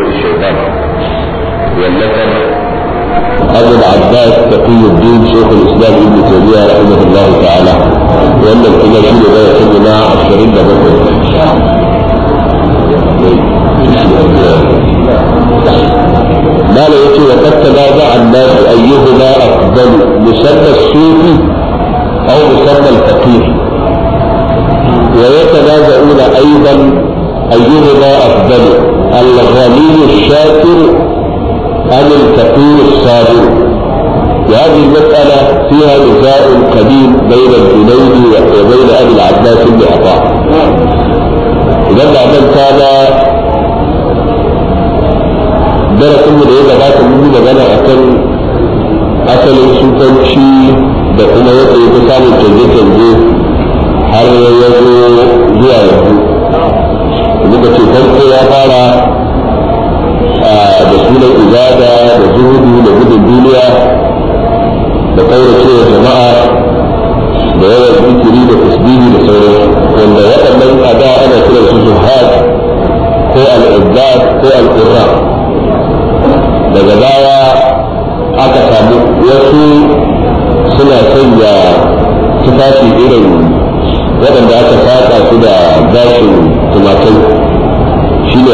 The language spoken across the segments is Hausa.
الشيطان والذكر أبو العباس تقي الدين شيخ الإسلام ابن تيمية رحمه الله تعالى وأن الكلام شنو ده يسمى مع الشريك ده ما لا يأتي وقد تنازع الناس أيهما أفضل مسمى الصوفي أو مسمى الفقير ويتنازعون أيضا أيهما أفضل الغني الشاكر أم الفقير الصابر وهذه المسألة فيها نزاع قديم بين الجنيد وبين أبي العباس بن عطاء لما من كان درس من بعد لغاية من مجانا أكل أكل سلطنشي شي kuma yadda ya fi samun canje-canje har yanzu zuwa yanzu muka ce farko ya fara da sunan ibada da zuhudu da gudun duniya da kauracewa jama'a da yawan zikiri da tasbihi da sauran wanda waɗannan ada ana kira su ko al'izzat ko al'urra daga baya aka samu wasu suna sanya tufafi irin waɗanda aka saka su da gashin tumatir.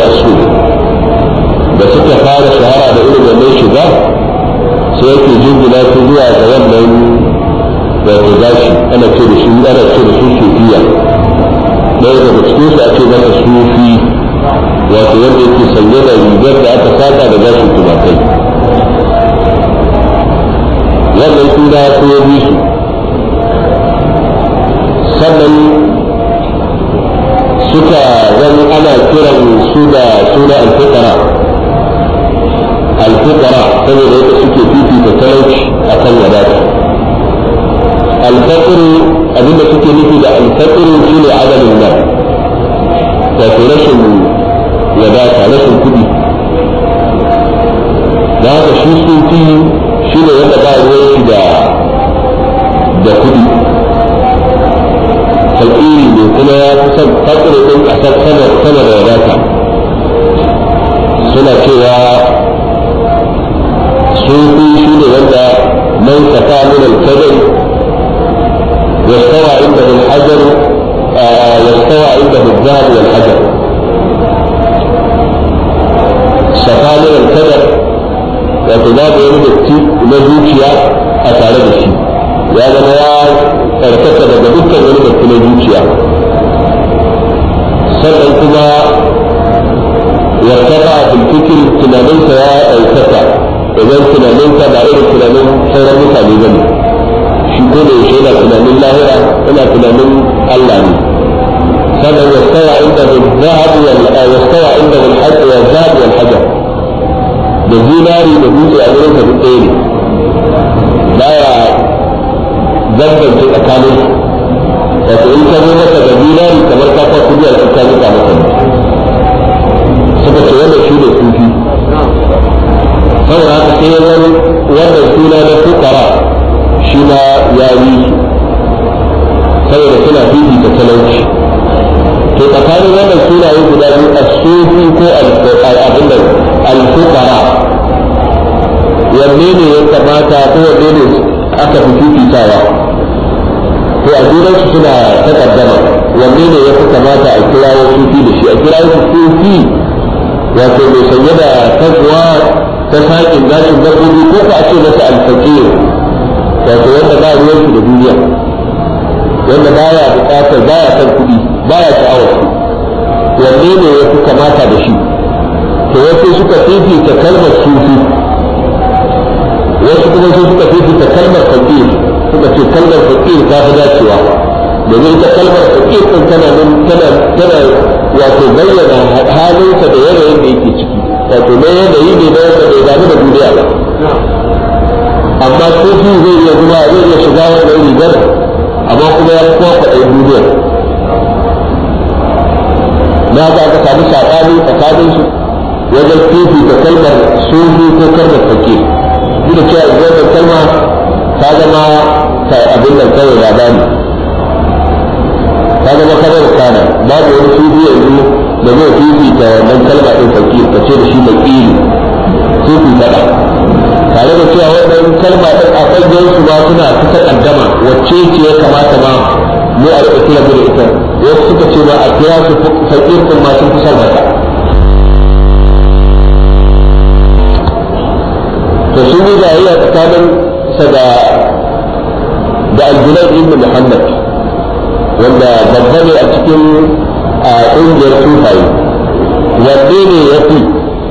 a su da suka fara shahara da irin wannan shiga sai yake jingina su zuwa ga wannan wato gashi ana ce da shi ana ce da su sufiya ɗaya daga cikin su ake masa sufi wato wanda yake sanye da rigar da aka saka da gashin tumakai wannan suna ko bi su sannan roƙon ƙasar sama da wadata suna cewa sun fi shi ne wanda man kasa nuna قارن kirawo sufi da shi a kirawo sufi wato mai sanye da takwa ta sakin gashin dabbobi ko ka ce masa alfaqir wato wanda ba ruwan shi da duniya wanda ba baya bukatar ya san kuɗi ba ya su wanne ne ya fi kamata da shi to wasu suka ta kalmar sufi wasu kuma sun suka ta kalmar fakir suka ce kalmar fakir ta fi dacewa domin ta kalmar ke ɗin tana nan tana tana wato bayyana halinsa da yanayin da yake ciki wato na yanayi ne da wanda bai damu da duniya ba amma sufi zai iya a zai iya shiga wani rigar amma kuma ya kowa kwaɗayin duniyar na ga aka samu saɓani tsakanin su wajen sufi da kalmar sufi ko kalmar fake duk da cewa wannan kalma ta zama abin nan kawai labari ka zama kabar kana da wani sufi yanzu da zai ta wannan kalma ɗin fakir ka ce da shi su sufi kaɗa tare da cewa wannan kalma ɗin a ƙwajen su ba suna ta takaddama wacce ce ya kamata ba mu a da ita da ita wasu suka ce ba a kira su fakir kun ma sun fi son haka to sun yi jayayya tsakanin sa da da aljulai ibn muhammad wanda babba ne a cikin a ƙungiyar sufaye wanne ne ya fi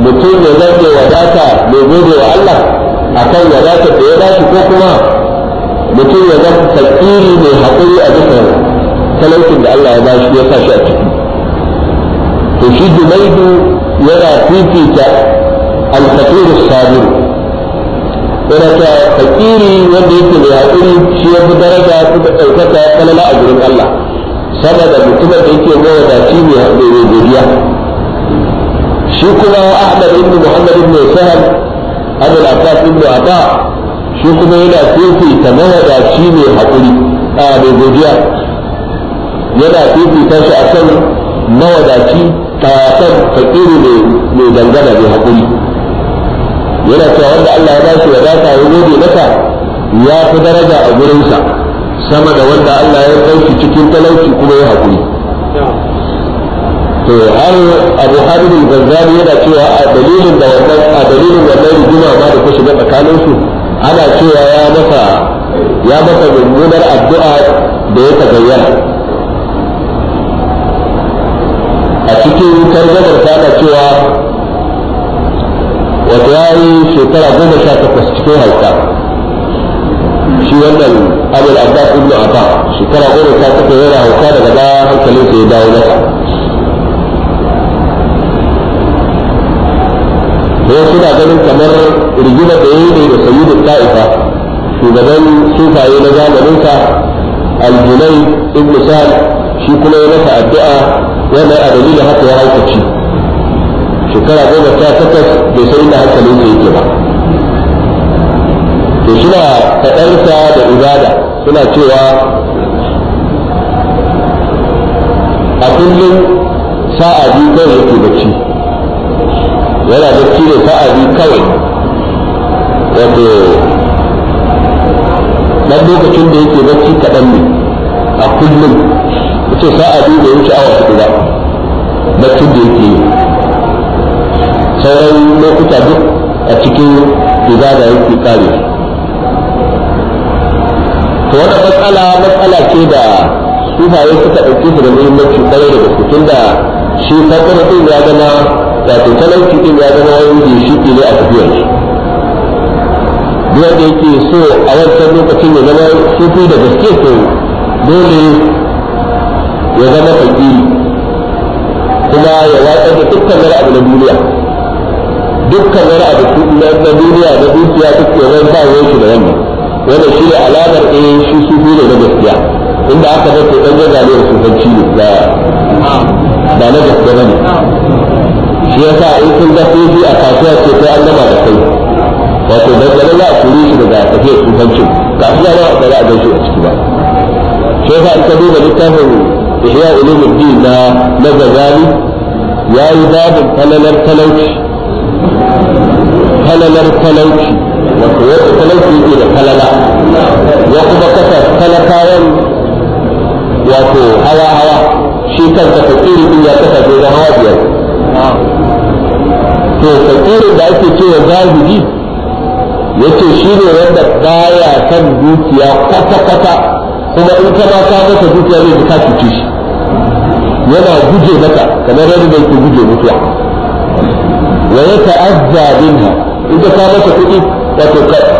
mutum ya zarge wadata mai gode wa Allah a kan wadata da ya dace ko kuma mutum ya zai fakiri mai haƙuri a dukkan talaucin da Allah ya ba shi ya sa shi a ciki to shi junaidu yana fifita alfatirus sabiru yana cewa fakiri wanda yake mai haƙuri shi ya fi daraja suka ɗaukaka kalala a gurin Allah saboda mutumin da yake mai wadaci mai haƙuri godiya shi kuma Ahmad ibn Muhammad ibn Sahal Abul Abbas ibn Aba shi kuma yana fifita mawadaci mai haƙuri a mai godiya yana fifita shi akan mawadaci a kan fakiri mai dangana mai haƙuri yana cewa wanda Allah ya bashi wadata ya gode maka ya fi daraja a gurinsa sama da wanda Allah ya ɗauki cikin talauci kuma ya haƙuri to har abu hadin al yana cewa a dalilin da wannan a dalilin wannan rigima ma da ta shiga tsakanin su ana cewa ya masa ya masa mummunar addu'a da ya tagayyara a cikin tarjamar ta cewa wato ya yi shekara goma sha takwas cikin hauka shi wannan abin abbas ibn abba shekara goma sha takwas yana hauka daga baya hankalinsa ya dawo masa sai suna ganin kamar rigima da yayi ne da sayyidu ta'ifa shugaban sufaye na zamaninsa aljunai ibn sa'ad shi kuma ya masa addu'a yana a dalilin haka ya haukaci shekara goma sha takwas bai san inda hankalin sa yake ba to suna faɗarsa da ibada suna cewa a kullum sa'a biyu kawai yake bacci yana bacci ne sa'a biyu kawai wato dan lokacin da yake bacci kaɗan ne a kullum ce sa'a biyu da wuce awa da ba baccin da yake yi sauran lokuta duk a cikin ibada yake kare to wata matsala matsala ce da sufaye suka ɗauki su da muhimmanci kare da gaske tunda shi fatar din ya gana wato talauci cikin ya zama wani ginshiki ne a tafiyar shi duk wanda yake so a wancan lokacin ya zama sufi da gaske to dole ya zama fakiri kuma ya watsar da dukkan abu na duniya dukkan wani abu na duniya na dukiya ta ke wani ba wani da wannan wanda shi ne alamar eh shi su ne na gaskiya inda aka zato dan gaza ne su san ciwo ba ba na gaskiya ne. shi yasa in sun ga sai a kasuwa ce sai an gama da kai wato da garin za a kuri shi daga tafiyar su san ciwo kasuwa ba a za a gaishe a ciki ba shi yasa in ka duba littafin ihya ulumuddin na na gazali yi babin falalar talauci Kalalar talauci wato yadda talauci yake da falala ya kuma kasa talakawan wato hawa hawa shi kansa fakiri din ya kasa da hawa biyar to fakirin da ake cewa zahiri yace shi ne wanda baya kan dukiya kwata kwata kuma in ka ba ka masa dukiya ne ka cuce shi yana guje maka kamar yadda yake guje mutuwa wa yata'azza minha in ka kawo masa kuɗi wato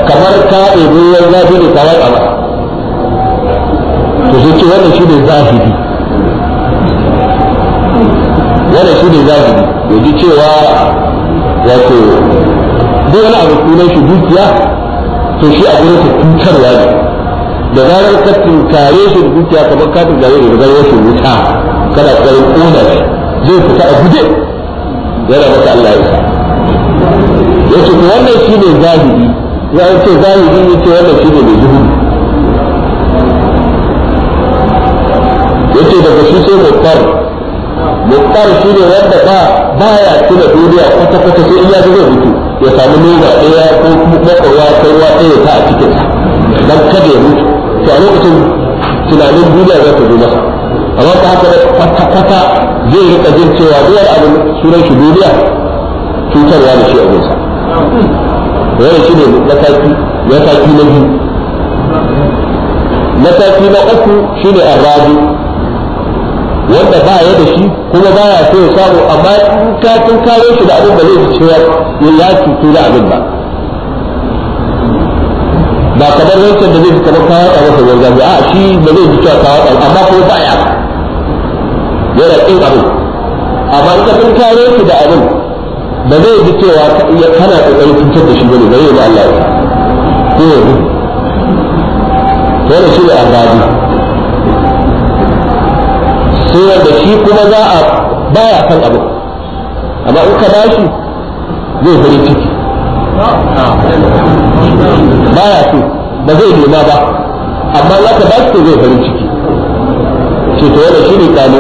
kamar ka ɗebi ya zafi ne kawai a ba to sai ce wannan shi ne zahiri wannan shi ne zahiri ji cewa wato duk wani abu sunan shi dukiya to shi a gurin ka cutarwa ne da zarar ka tunkare shi da dukiya kamar ka tunkare da zarar shi wuta kana tsarin ƙona shi zai fita a guje yana maka Allah ya isa yace to wannan shine zahiri ya ce zahiri yace wannan shine mai zuhudi yace daga shi sai muttar muttar shine wanda ba baya tuna duniya kwata kwata sai iya zai mutu ya samu nuna ɗaya ko makarwa kai wa ɗaya ta a cikin dan kada ya mutu to a lokacin tunanin duniya za ta zo masa amma ta haka kwata kwata zai rika jin cewa biyar abin sunan shi duniya cutarwa da shi a gunsa wannan shi ne mataki na biyu mataki na uku shi ne arrabi wanda ba ya da shi kuma ba ya so ya samu amma in ka tun kawo shi da abin da zai cewa ya cutu da abin ba ba kamar wancan da zai fi kamar kawo a masa wanda a shi ba zai fi cewa kawo a amma kuma ba ya yana ƙin abin amma in ka tun kawo shi da abin ba zai ji cewa kana kokarin cutar da shi bane ba yi da Allah ya ko yanzu wannan shi ne azabi sai wanda shi kuma za a baya kan abu amma in ka bashi zai farin ciki baya so ba zai nema ba amma za ka bashi zai farin ciki ce to wannan shi ne kalu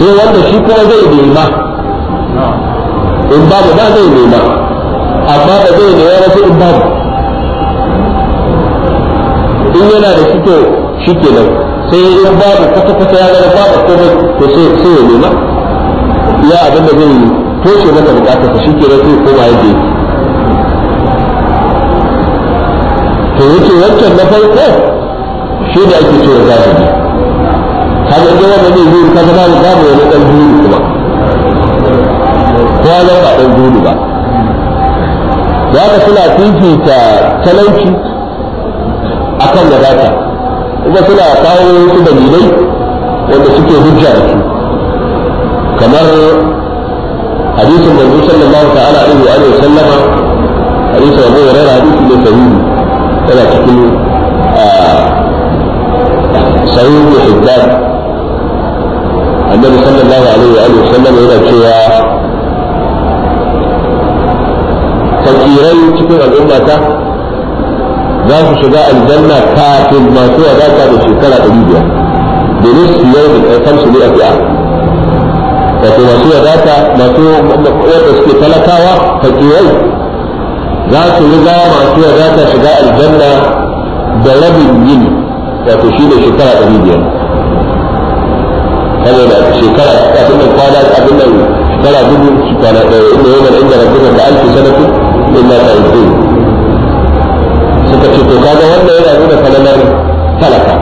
ko wanda shi kuma zai nema in babu ba zai nema amma ba zai nema ba sai in babu in yana da fito shi ke kenan sai in babu kwata kwata ya gara babu komai to sai ya nema ya abin da zai toshe mata ta shi ke kenan sai koma ya ke to yake wancan na farko shi da ake cewa zahiri kaga idan wannan zai zuri kaga babu babu wani dan zuri kuma ko ya ba dan zuri ba ya ga suna fifita talauci akan wadata kuma suna kawo su dalilai wanda suke hujja su kamar hadisin manzo sallallahu ta'ala alaihi wa alihi sallama hadisin Abu Hurairah hadisi ne sahihi yana cikin ah, sahih Hibban annabi sallallahu alaihi wa alihi sallam yana cewa fakirai cikin al'umma ta za su shiga aljanna kafin masu wadata da shekara ɗari biyar domin su yau da ƙarfan su ne a fi'a wato masu wadata masu wadda suke talakawa fakirai za su riga masu wadata shiga aljanna da rabin yini wato shi ne shekara ɗari biyar saboda shekara abin nan kwana abin nan shekara dubu shekara da inda yawan inda rabbika da alfi sanatu illa ta'udun suka ce to kaga wannan yana nuna kalalar talaka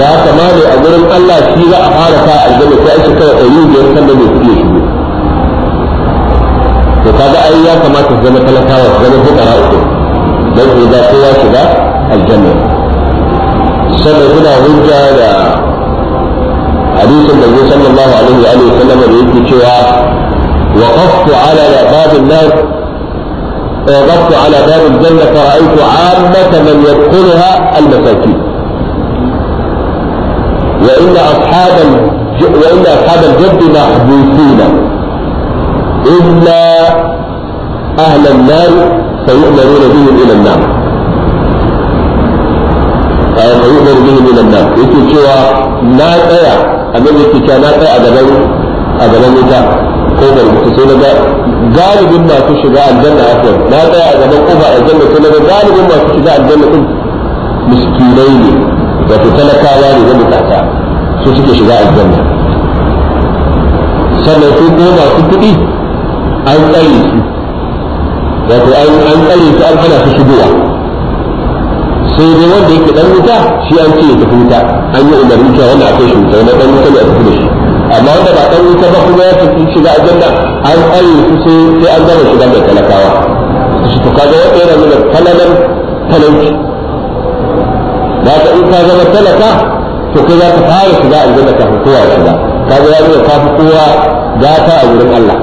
da haka ma ne a gurin Allah shi za a fara sa aljanna sai shi kawai ɗari biyar kan da mai kuɗi shi to kaga ai ya kamata su zama talakawa su zama fukara uku don su ga kowa shiga aljanna sannan suna hujja da حديث النبي صلى الله عليه واله وسلم da yake وقفت على qaftu ala وقفت على باب الجنة فرأيت عامة من يدخلها المساكين وإن أصحاب وإن أصحاب الجد محبوسين إلا أهل النار فيؤمرون بهم إلى النار آه، فيؤمر بهم إلى النار يقول شوى لا تيا annabi yake cewa na tsaya a gaban a gaban wuta ko da wuta sai na ga galibin masu shiga aljanna haka na tsaya a gaban kofa aljanna sai na ga galibin masu shiga aljanna din miskinai ne wato talakawa ne na bukata su suke shiga aljanna sannan su ko masu kuɗi an tsare su wato an tsare su an hana su shigowa sai dai wanda yake dan wuta shi an ce ya tafi wuta an yi umarni cewa wanda akwai shi wuta dan wuta ne a tafi da shi amma wanda ba dan wuta ba kuma ya tafi shiga aljanna an tsare su sai sai an gama shiga da talakawa su to kaga wanda yana nuna talalan talauci ba ka in ka zama talaka to kai za ka fara shiga aljanna kafin kowa ya shiga kaga ya nuna ka fi kowa gata a wurin Allah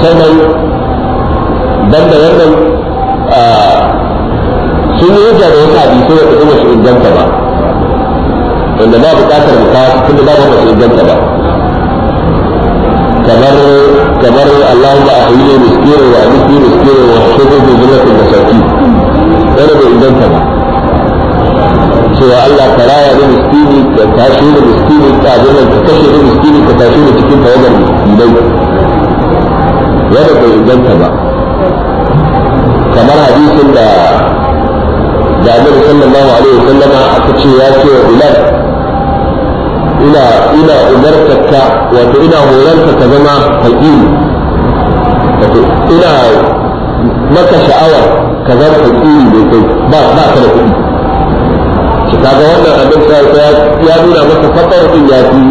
sannan banda wannan sun yi hujja da wasu hadisai wanda kuma su inganta ba wanda ba buƙatar mu kawo kuma ba ba su inganta ba kamar kamar Allahumma ne miskina wa amiti miskina wa da zuwa zulatin masaki wanda bai inganta ba cewa Allah ka raya da miskini ka tashi da miskini ka abin ka kashe da miskini ka tashi da cikin tawagar miskinai wanda bai inganta ba kamar hadisin da da annabi sallallahu alaihi wasallam aka ce ya ce wa bilal ina ina umartarka wato ina horarka ka zama haƙimi wato ina maka sha'awa ka zama haƙimi ne kai ba ba ka da kuɗi ki kaga wannan abin sai ya nuna maka fatar din ya fi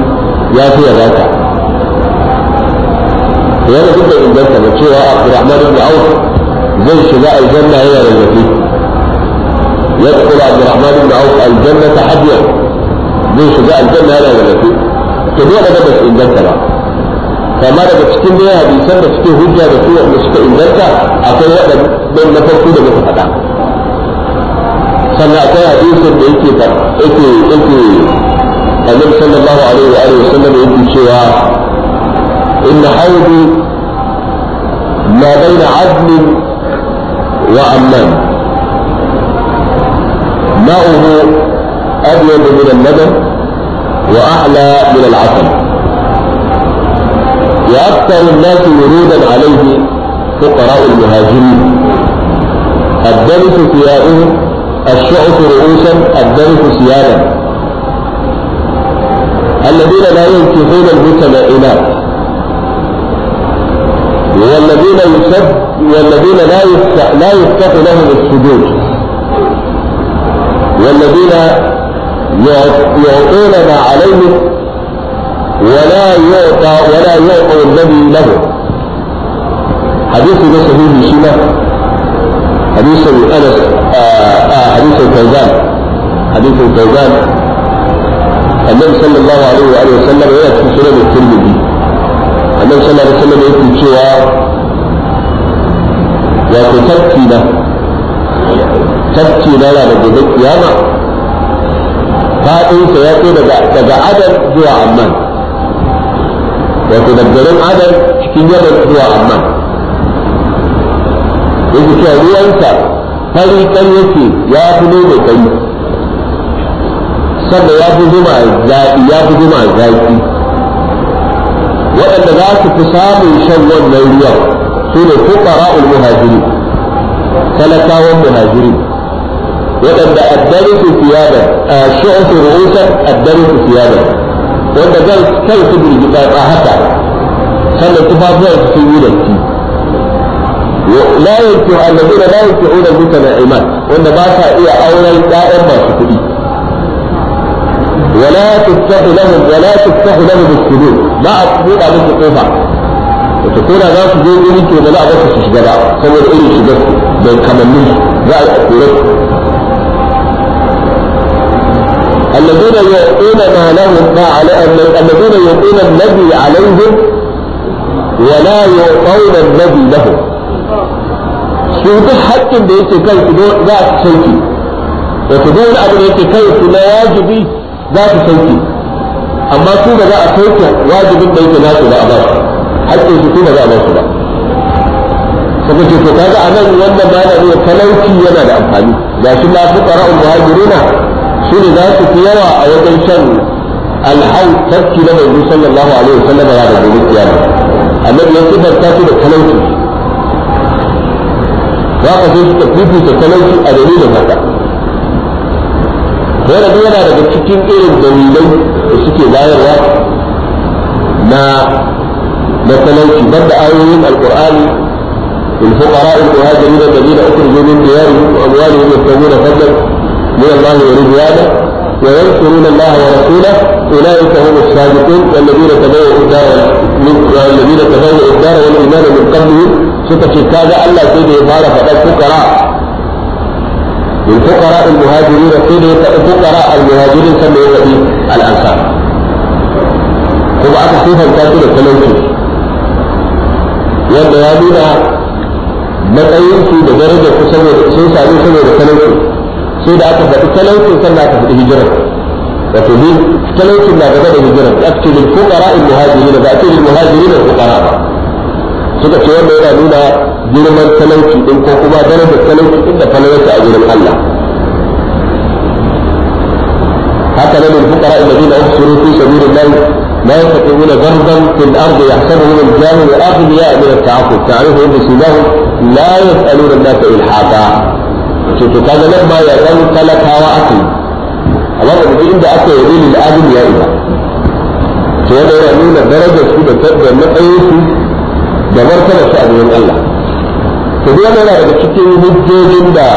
ya fi ya zaka wanda duk inganta ba cewa Abdurrahman ibn Auf zai shiga aljanna yana da zafi. rarrafe yadkhulu Abdurrahman ibn Auf ta hadiyan zai shiga aljanna yana da rarrafe to duk da ba inganta ba kama daga cikin dai hadisan da suke hujja da su wanda suka inganta akwai waɗannan na farko da muka faɗa sannan akwai hadisin da yake yake yake annabi sallallahu alaihi wa alihi wasallam yake cewa إن حوض ما بين عدن وعمان ماؤه أبيض من الندم وأعلى من العسل وأكثر الناس ورودا عليه فقراء المهاجرين الدرس ثيابه الشعث رؤوسا الدرس ثيابا الذين لا ينكحون المتمائلات والذين يسد والذين لا يفتح لا يفتح لهم السجود والذين يعطون ما عليهم ولا يعطى ولا يعطى الذي له حديث ده صحيح مشينا حديث انس آه، آه، حديث الفوزان حديث الفوزان النبي صلى الله عليه واله وسلم هي في سوره الترمذي annabi sallallahu alaihi ya yake cewa ya ko tafki da tafki da da gobe kiyama Faɗinsa ya ce daga daga zuwa amman ya daga garin adar cikin yadda zuwa amman yake cewa ruwansa fari kan yake ya fi nome kai sannan ya fi zuma zaƙi ya fi zuma waɗanda za su fi samun shan wannan ruwan su ne fuqara'ul muhajiri talakawan muhajiri waɗanda addari su fiyada a shi'an su ru'usan addari su fiyada wanda zan kai su birgita a haka sannan tufafuwar su yi datti لا ينكح الذين لا ينكحون wanda ba sa iya auren ƴaƴan masu kuɗi. ولا تفتح له ولا تفتح له بالسلوك ما اقول ابو تقوفا وتقول هذا في يقول انت ولا ابو تشجبا سوى الاول شجبا بين كمالين لا يقولك الذين يؤتون ما لهم ما علي الذين يؤتون الذي عليهم ولا يؤتون الذي لهم sun fi haƙƙin da yake kai su za su sauki da za su sauke amma su ba za a sauke wajibin ɗauke na nasu ba a ba su haƙƙin su ba za a basu su ba kuma ce to kaga a nan wanda ba yana nuna talauci yana da amfani ga shi fi tsara al muhajiruna su ne za su fi yawa a wajen shan alhau tafki na manzo sallallahu alaihi wasallam ya da gobe kiyama annabi ya barka su da talauci za ka zo su tafi da talauci a dalilin haka wanda duk yana daga cikin irin dalilai da suke bayarwa na na banda ayoyin الفقراء المهاجرين الذين اخرجوا من ديارهم واموالهم يبتغون فضلا من الله ورضوانا وينصرون الله ورسوله اولئك هم الصادقون والذين تبوأوا الدار والذين تبوأوا الدار والايمان من قبلهم suka ce kaga Allah sai da ya fara للفقراء المهاجرين سنة فقراء المهاجرين سنة يتبي الأنصار kuma aka sifanta su da talauci wanda ya nuna matsayinsu da darajar su saboda sun sami saboda talauci sai da aka faɗi talaucin sannan aka faɗi hijirar wato ni talaucin na gaba da hijirar ya ce lil fuqara al muhajirin ba ce lil muhajirin al fuqara ba suka ce wanda yana nuna girman talauci din ko kuma darajar talauci din da falalarsa a gurin Allah haka nan fuqara alladhina uhsiru fi sabilillah لا يستطيعون ضربا في الارض يحسبهم الجاهل اغنياء من التعفف تعرفهم بسيماهم لا يسالون الناس الحافا to kaga nan ba ya zan talakawa ake amma da duk inda aka yi lil adil ya ina to yana nuna darajar su da tabbar matsayin su da martabar su a wurin Allah to duk yana daga cikin hujjojin da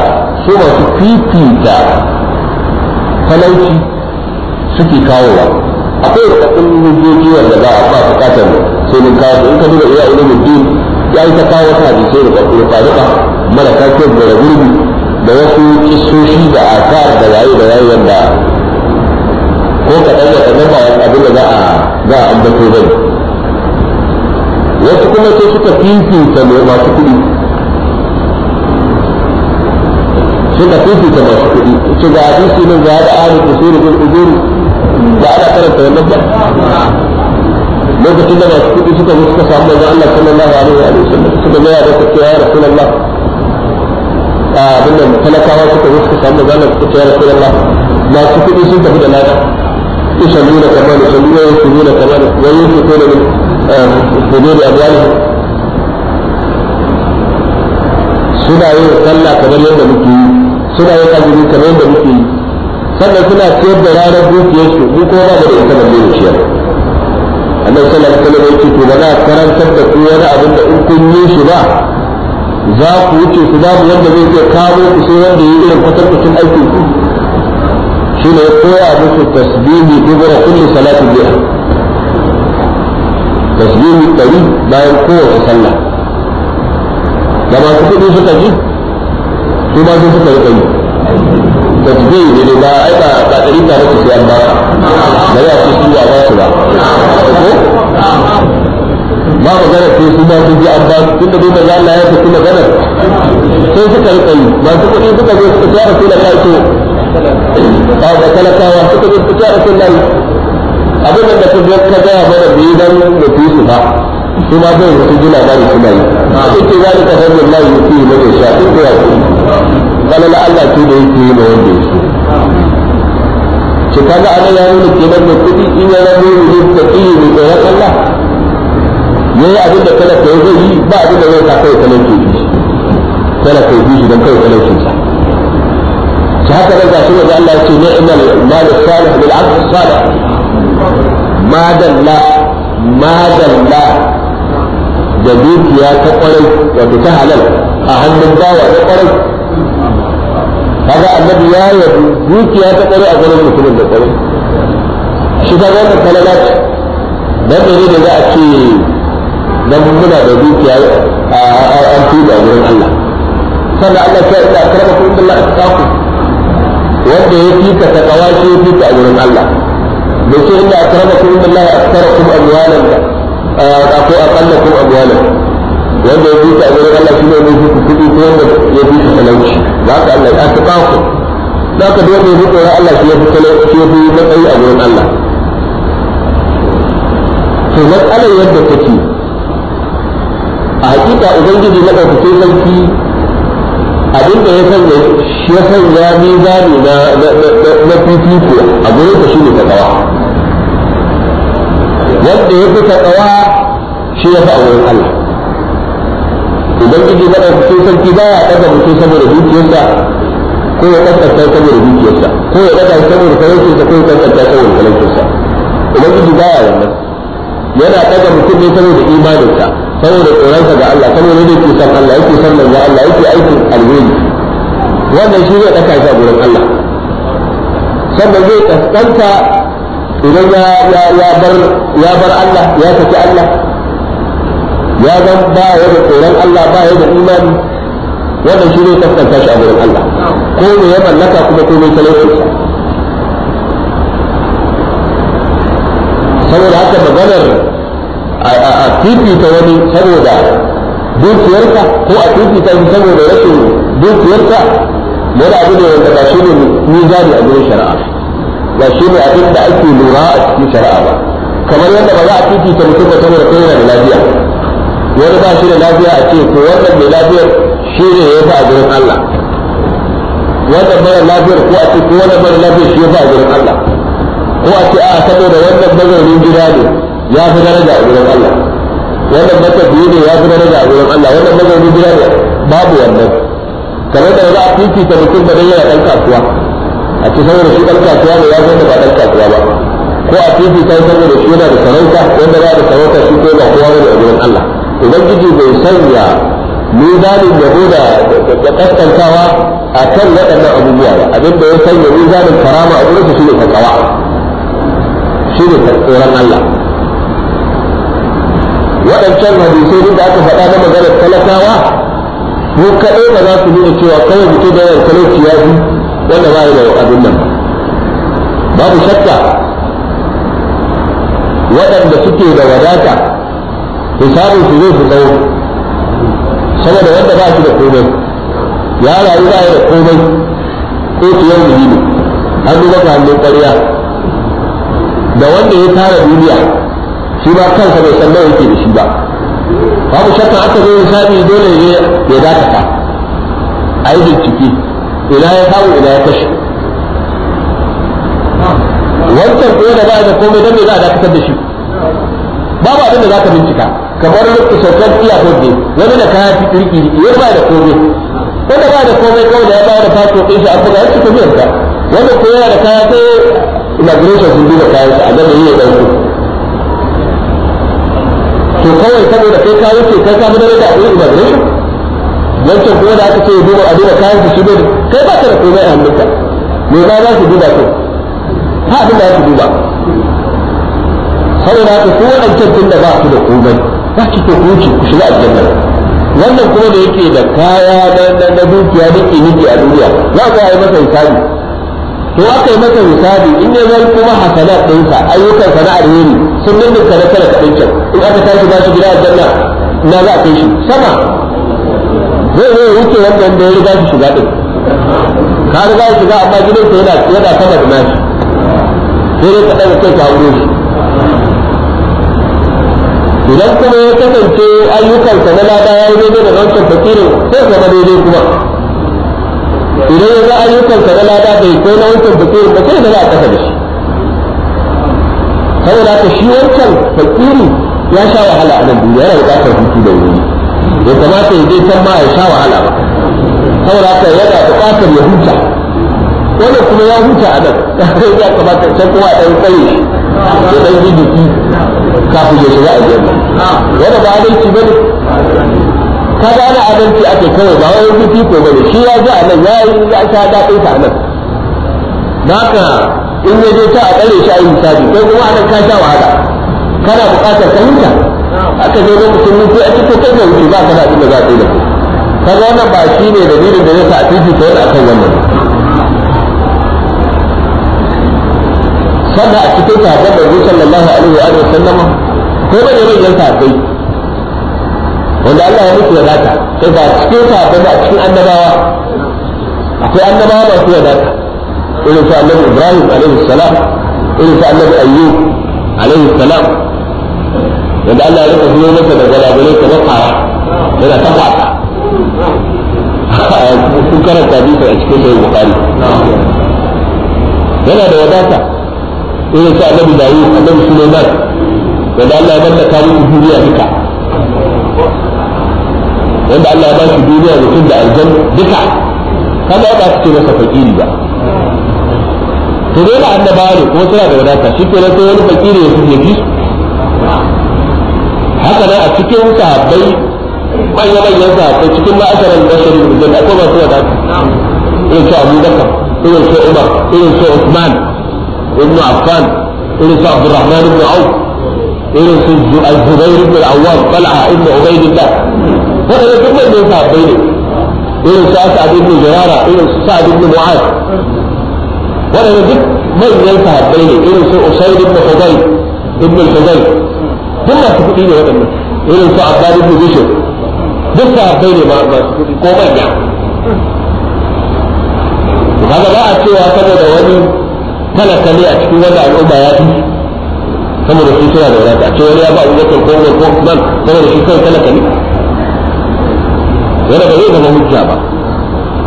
su masu fifita talauci suke kawowa akwai rikakkun hujjoji wanda za a ba bukatar sai mun kawo in ka duba iya ilimin din ya yi ta kawo ta sai da kwakwai faruka mara kafin da gurbi da wasu kisoshi da aka da yayi da yayi wanda ko kaɗan da kaɗan ba abin da za a ambato bai wasu kuma sai suka fifita mai masu kuɗi suka fifita masu kuɗi su ga hadisi nan ga da ahli kusuri bin ujuri ba ana karanta wannan ba lokacin da masu kuɗi suka zo suka samu manzon Allah sallallahu alaihi wa sallam suka ga ya da kuke ya rasulullah a nan talakawa suka zo suka samu manzon Allah suka ya rasulullah masu kuɗi sun tafi da lada يصلون da يصلون ويصلون كما وينفقون من Eh, hudud abwalihim suna yin sallah kamar yadda muke yi suna yin azumi kamar yadda muke yi sannan suna ciyar da ranar dukiyarsu mu ko ba da ita ban da ciyar annabi sallallahu alaihi wasallam yake to ba za a karantar da ku wani abin da in kun yi shi ba za ku wuce su babu wanda zai iya kawo ku sai wanda ya yi irin kwatankwacin aikin ku shi ne ya koya musu tasbihi dubura kulli salatin biyar? tasbihi ɗari bayan kowace sallah da masu kuɗi suka ji su ba su suka yi ɗari ba ai ba ba ɗari da ya ba ba su ba ba maganar sai ba su ji an ba su tun da dai maza Allah ya tafi maganar sai suka masu kuɗi suka je suka tsara su da kai ba talakawa suka je suka tsara su abin da ka zo ka gaya ba da yi dan da fi su ba su ma zai wasu ji labari suna yi ake za ka san da Allah yake yi da sha duk da yake kalala Allah ce da yake yi mai wanda yake ka ga ana ya nuna kenan da kuɗi in ya rabu ne da ƙi ne da Allah Allah yayi abin da kala kai zai yi ba abin da zai ka kai kala ke yi kala kai bi shi dan kai kala ke sa ta haka da ga shi da Allah ya ce ni'mal mal salih bil abd salih madalla madalla da dukiya ta kwarai wato ta halal a hannun bawa ta kwarai kaga annabi ya yabi dukiya ta kwarai a gurin mutumin da kwarai shi ga wannan kalala ce dan ne da za a ce dan muna da dukiya a an tuba a gurin Allah sannan Allah ya ce karba kun Allah ta ku wanda ya fita ta kawashi ya fita a gurin Allah bai ce inda akramakum billahi aktharakum amwalan ko aqallakum amwalan wanda ya fi ta gurin Allah shine ne fi kuɗi ko wanda ya fi ta talauci za ka Allah ya ta kafu za ka dole ne tsoron Allah shi ya fi talauci ya fi matsayi a gurin Allah to matsalar yadda take a hakika ubangiji na ɗaukakin sarki abin da ya sanya shi ya sanya mizani na fifiko a gurin ka ne ta tsawa wanda ya fi tsawa shi ya fi a wurin Allah idan kiji bada cikin sarki ba ya ɗaga mutum saboda dukiyarsa ko ya kaskanta saboda dukiyarsa ko ya ɗaga saboda talaucinsa ko ya kaskanta saboda talaucinsa idan kiji ba ya wannan yana ɗaga mutum ne saboda imaninsa saboda tsoronsa ga Allah saboda yadda ke san Allah yake san manzo Allah yake aikin alheri wannan shi zai ɗaga shi a gurin Allah sannan zai kaskanta idan ya bar ya bar Allah ya tafi Allah ya zan ba ya da tsoron Allah ba ya da imani wannan shi ne kaskanta shi a wurin Allah ko me ya mallaka kuma ko mai talauci saboda haka maganar a fifita wani saboda dukiyarka ko a fifita shi saboda rashin dukiyarka wani abu ne wanda ba shi ne ni mizani a gurin shari'a ba shi ne abin da ake lura a cikin shari'a ba kamar yadda ba za a ta mutum ba saboda kai yana da lafiya wani ba shi da lafiya a ce ko wannan mai lafiyar shi ne ya fi a gurin Allah wannan mara lafiyar ko a ce ko wannan mara lafiyar shi ya fi a gurin Allah ko a ce a saboda wannan mazaunin gida ne ya fi daraja a gurin Allah wannan matafiyi ne ya fi daraja a gurin Allah wannan mazaunin gida ne babu wannan kamar da za a ta mutum da dan yana dan kasuwa a ce saboda shi ɗan kasuwa ne ya da ba ɗan kasuwa ba ko a fifi ta da shi yana da sarauta wanda ba da sarauta shi ko ba kowa ne a gurin Allah ubangiji bai sanya mizanin yabo da kaskantawa a kan waɗannan abubuwa ba abinda ya sanya mizanin karama a gurin shi ne kakawa shi ne tsoron Allah waɗancan hadisai da aka faɗa na maganar talakawa ko kaɗai ba za su nuna cewa kawai mutum da yawan talauci ya fi wanda ba da abin nan babu shakka waɗanda suke da wadata hisabin su zai fi tsawo saboda wanda ba shi da komai ya rayu ba ya da komai ko su yau ne an duba ka hannun ƙarya da wanda ya tara duniya shi ba kansa bai san nawa yake da shi ba babu shakka aka zo hisabi dole ne ya dakata a yi bincike ila ya kawo ila ya wancan ko da ba da komai don me za a dakatar da shi babu abin da za ka bincika kamar rufe saukan iya hoge wani da kaya fi kirki iya ba da komai wanda ba da komai kawai da ya ba da fato ɗin shi an buga ya cika yanka, wanda ko yana da kaya sai immigration sun duba kayan shi a gaba yi ya ɗauko to kawai saboda kai ka wuce kai ka mu da a immigration wancan kuma da aka ce ya duba a duba kayan su shigar kai ba ka da komai a hannunka me ba za su duba ko ha abin da za su duba saboda haka ko wancan tun da ba su da komai ba ki ko ku ku shiga aljanna wannan kuma da yake da kaya na dukiya ke nake a duniya za ka yi masa hisabi to aka yi masa hisabi in ne zai kuma hasanat ɗinsa ayyukan sana alheri sun dinga kare kare kaɗan can in aka tashi ba shi gida aljanna na za a kai shi sama zai zai wuce wannan da ya riga shi shiga din ka riga shi shiga amma gidan sa yana yana sama da nashi sai dai ka daga kai ka hauro shi idan kuma ya kasance ayyukan ayyukansa na lada ya yi daidai da wancan fakirin sai zama daidai kuma idan ya ga ayyukansa na lada bai kai na wancan fakirin ba sai da za a kasa da shi saboda ka shi wancan fakiri ya sha wahala a nan duniya yana bukatar hutu da wuri ya kamata ya je san ma ya sha wahala ba saboda haka yana buƙatar ya huta wannan kuma ya huta a nan ya kamata san kuma ɗan tsaye ya ɗan yi jiki kafin ya shiga aljanna wanda ba adalci ba ne ga ana adalci ake kawai ba wai wani fiko ba ne shi ya ji a nan ya yi ya sha daɗin sa a nan ka in ya je ta a tsare shi a yi misali ko kuma a nan ka sha wahala kana buƙatar ka huta aka je lokacin mun sai a cikin kai da wuce ba ka da abin da za ka yi da ku kaga wannan ba shi ne dalilin da zai sa a fifi ta wani akan wannan sannan a cikin sahabban da Musa sallallahu alaihi wa sallama ko bane manyan sahabbai wanda Allah ya mutu wadata sai ba cikin sahabban da a cikin annabawa akwai annabawa masu wadata irin su annabi Ibrahim alaihi salam irin su annabi Ayyub alaihi salam wanda Allah ya rika biyo maka da gwalagwalai ka na fara yana ta fata sun karanta bisa a cikin da bukari yana da wadata irin sa annabi dawo annabi suleiman wanda Allah ya mallaka musu duniya duka wanda Allah ya ba shi duniya mutum da aljan duka kada ba su ce masa fakiri ba to dole annabawa ne kuma suna da wadata shi ke nan sai wani fakiri ya fi su haka nan a cikin sahabbai manya manyan sahabbai cikin ma'asarar bashari da jami'a ko masu wadata irin su Abu Bakar irin su Umar irin su Usman ibn Affan irin su Abdurrahman ibn Auf irin su Zubair ibn Awwam Talha ibn Ubaydillah waɗanda duk manyan sahabbai ne irin su Asad ibn Jarara irin su Sa'd ibn Mu'adh waɗanda duk manyan sahabbai ne irin su Usayd ibn Hudayr ibn Hudayr duk masu kuɗi ne waɗannan irin su abbas ibn Duk duk sahabbai ne masu kuɗi ko manya kaga ba a cewa saboda wani talaka kali a cikin wanda al'umma ya fi saboda shi suna da wadata a ce ya ba abubakar ko umar ko usman saboda shi kawai kala-kali. wanda ba zai zama hujja ba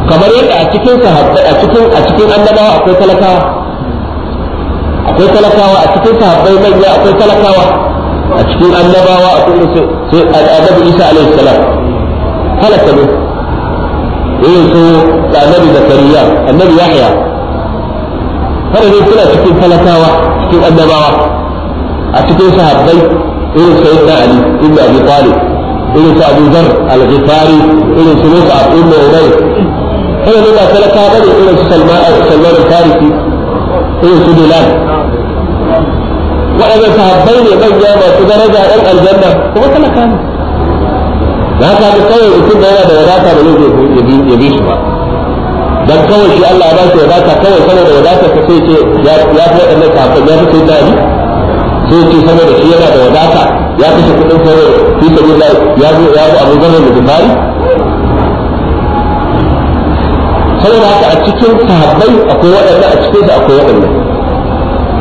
kamar yadda a cikin sahabbai a cikin a cikin annabawa akwai talakawa akwai talakawa a cikin sahabbai manya akwai talakawa أشكي النبى وأقول الأدب عيسى عليه السلام هل أتبه إيه سوء النبي زكريا النبي يحيى هل أتبه كلا أشكي فلكا وأشكي النبى أشكي صحابي إيه سيدنا علي إبن أبي طالب إيه أبو ذر الغفاري إيه سوء أبو إبن أبي هل أتبه فلكا وأشكي سلمان الفارسي إيه سوء waɗanda sahabbai ne manya masu daraja ɗan aljanna kuma kana kama na ka ga kawai mutum da yana da wadata da zai ya bi shi ba dan kawai shi Allah ya ba shi wadata kawai saboda wadata ka sai ce ya fi waɗannan sahabbai ya fi sai da ni sai ce saboda shi yana da wadata ya kashe kuɗin saboda fi sabila ya zo ya zo abu zarar da bukari saboda haka a cikin sahabbai akwai waɗannan a cikin da akwai waɗannan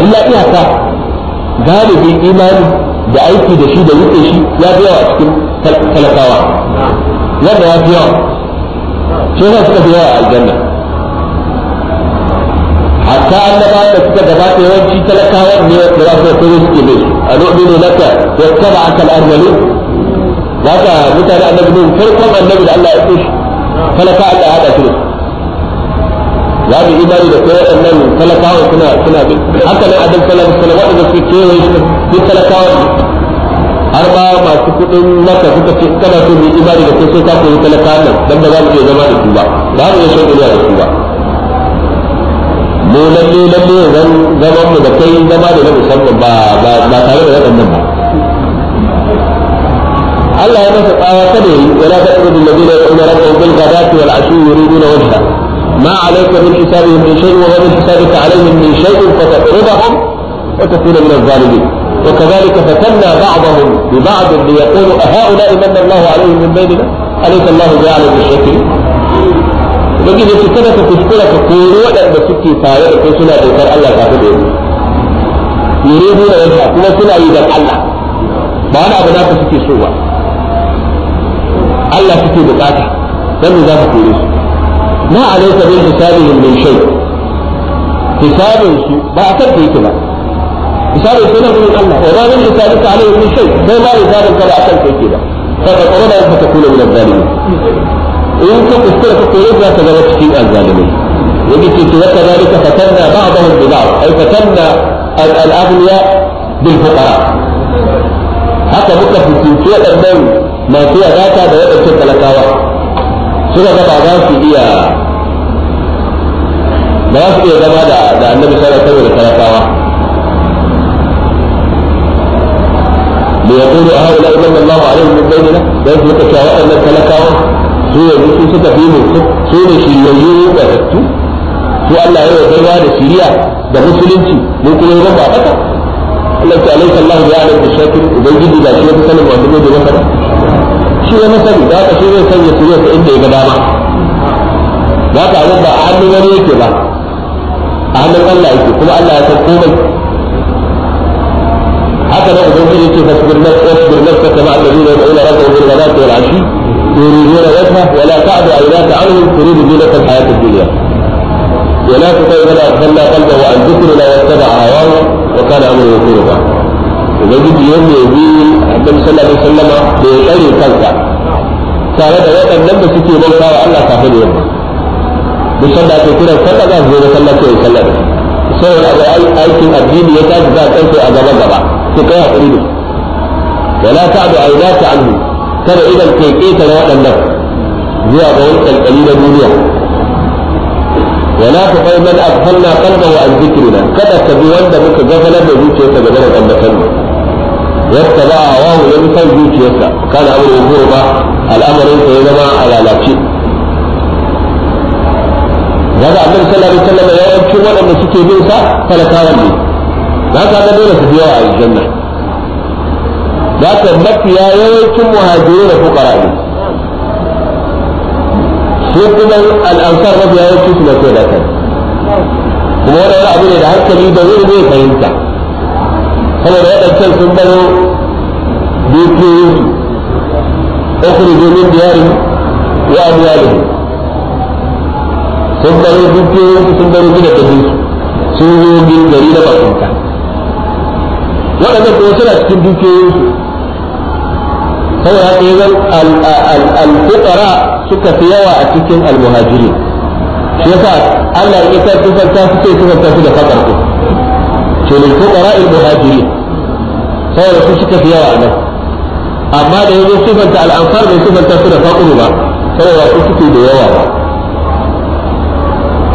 illa iyaka galibin imani da aiki da shi da rike shi ya fi yawa a cikin talakawa wanda ya fi yawa shi ne suka fi yawa a aljanna hatta annaba da suka gabata yawanci talakawa ne da za su da ne a mai a naka ya wa taba'aka al-awwalin ka mutane annabi ne farkon annabi da Allah ya shi talaka Allah ya hada shi za mu imani da kai waɗannan talakawa suna suna bi haka nan adam sallallahu suna wasallam da suke kewaye su talakawa har ba masu kuɗin maka suka ce kana so mu imani da kai sai ka koyi talakawa nan dan ba za mu iya zama da su ba ba mu iya shan da su ba mu lalle lalle zan zama mu da kai zama da na musamman ba ba tare da waɗannan ba Allah ya masa tsawa kada yi wala ta'budu alladhina yad'una rabbahum bil ghadati wal wajha ما عليك من حسابهم من شيء وما من حسابك عليهم من شيء فتقربهم وتكون من الظالمين وكذلك فتنا بعضهم ببعض ليقولوا أهؤلاء من الله عليهم من بيننا أليس الله جعل بالشكل لكن إذا كانت تشكلة تقول وأنا بسكي فائر في سنة ذكر الله تعالى يريدون أن يحكم سنة إذا كان الله بعد أبناء تسكي سوى الله تسكي بقاتها لم يزال تقول ما عليك من حسابهم من شيء حساب شيء ما أكد فيك ما حساب سنة من الله وما من حسابك عليهم من شيء ما ما يزال أنت لا أكد فيك ما فتقرنا أنت تكون من الظالمين إنك تستطيع تقرب لا تدرك في الظالمين وبكت وكذلك فتنا بعضهم ببعض أي فتنا الأغنياء بالفقراء حتى بكت في سلسله الموت ما فيها ذاتها بوضع تلك الأكاوات suka ga ba za su iya ba za su iya zama da da annabi sallallahu alaihi wasallam talakawa da ya kuru a haula ibn Allah alaihi wa sallam dan su ka cewa waɗannan talakawa su yanzu su suka fi mu su ne shiryayyu da tattu su Allah ya yi yarda da shiriya da musulunci mun kuma yi ba haka Allah ta alaihi sallallahu alaihi wa sallam ubangiji da shi ya fi sanin wanda ne da masa shi ya masani za haka shi zai sanya su in inda ya ga dama za ka abin ba a hannun wani yake ba a hannun Allah yake kuma Allah ya san komai haka da ubangiji yake fasbir nafsa fasbir nafsa kama alladhina yad'una rabbahum da, ghadati wal 'ashi يريدون a ولا تعد عيناك عنهم تريد زينة الحياة الدنيا ولا تطيب من أغفلنا قلبه عن ذكرنا واتبع هواه وكان أمره فرطا ubangiji ya nemi abin sallallahu sallama da ya tsare kansa tare da waɗannan da suke bauta wa Allah kafin yamma duk sanda ake kiran sallah za su zo masallaci ya sallah da saboda abu aikin addini ya tashi za a kanto a gaba gaba su kai hakuri da wala ta'du aynaka anhu kada idan kai ketare waɗannan zuwa ga wani kalkali na duniya Wala ta ولا تطع من اغفلنا قلبه عن kada كذا bi wanda muka gafalar da zuciyarsa game da kallatan wata ba a wahu ya san zuciyarsa kana amurin hurba al'amarinsa ya zama a lalace daga annabi sallallahu alaihi wasallam yawancin waɗanda suke bin sa talakawan ne za ka ga dole su biya a aljanna za ka mafiya yawancin muhajirai da fuqara ne sai kuma al'ansar mafiya yawancin su da kai kai kuma wani abu ne da hankali da wuri zai fahimta saboda waɗancan sun baro dukiyoyin su ukhruju min diyarihim wa amwalihim sun baro dukiyoyin su sun baro da jinsu, sun zo bin gari da bakunta waɗannan kuma suna cikin dukiyoyin su saboda haka yanzu al-fuqara suka fi yawa a cikin al-muhajirin shi yasa Allah ya ta kusanta su ce, kusanta su da fakar ku to lil fuqara al muhajirin saboda su suka fi yawa a nan amma da yazo sifanta al ansar bai sifanta su da faqru ba saboda su suke da yawa ba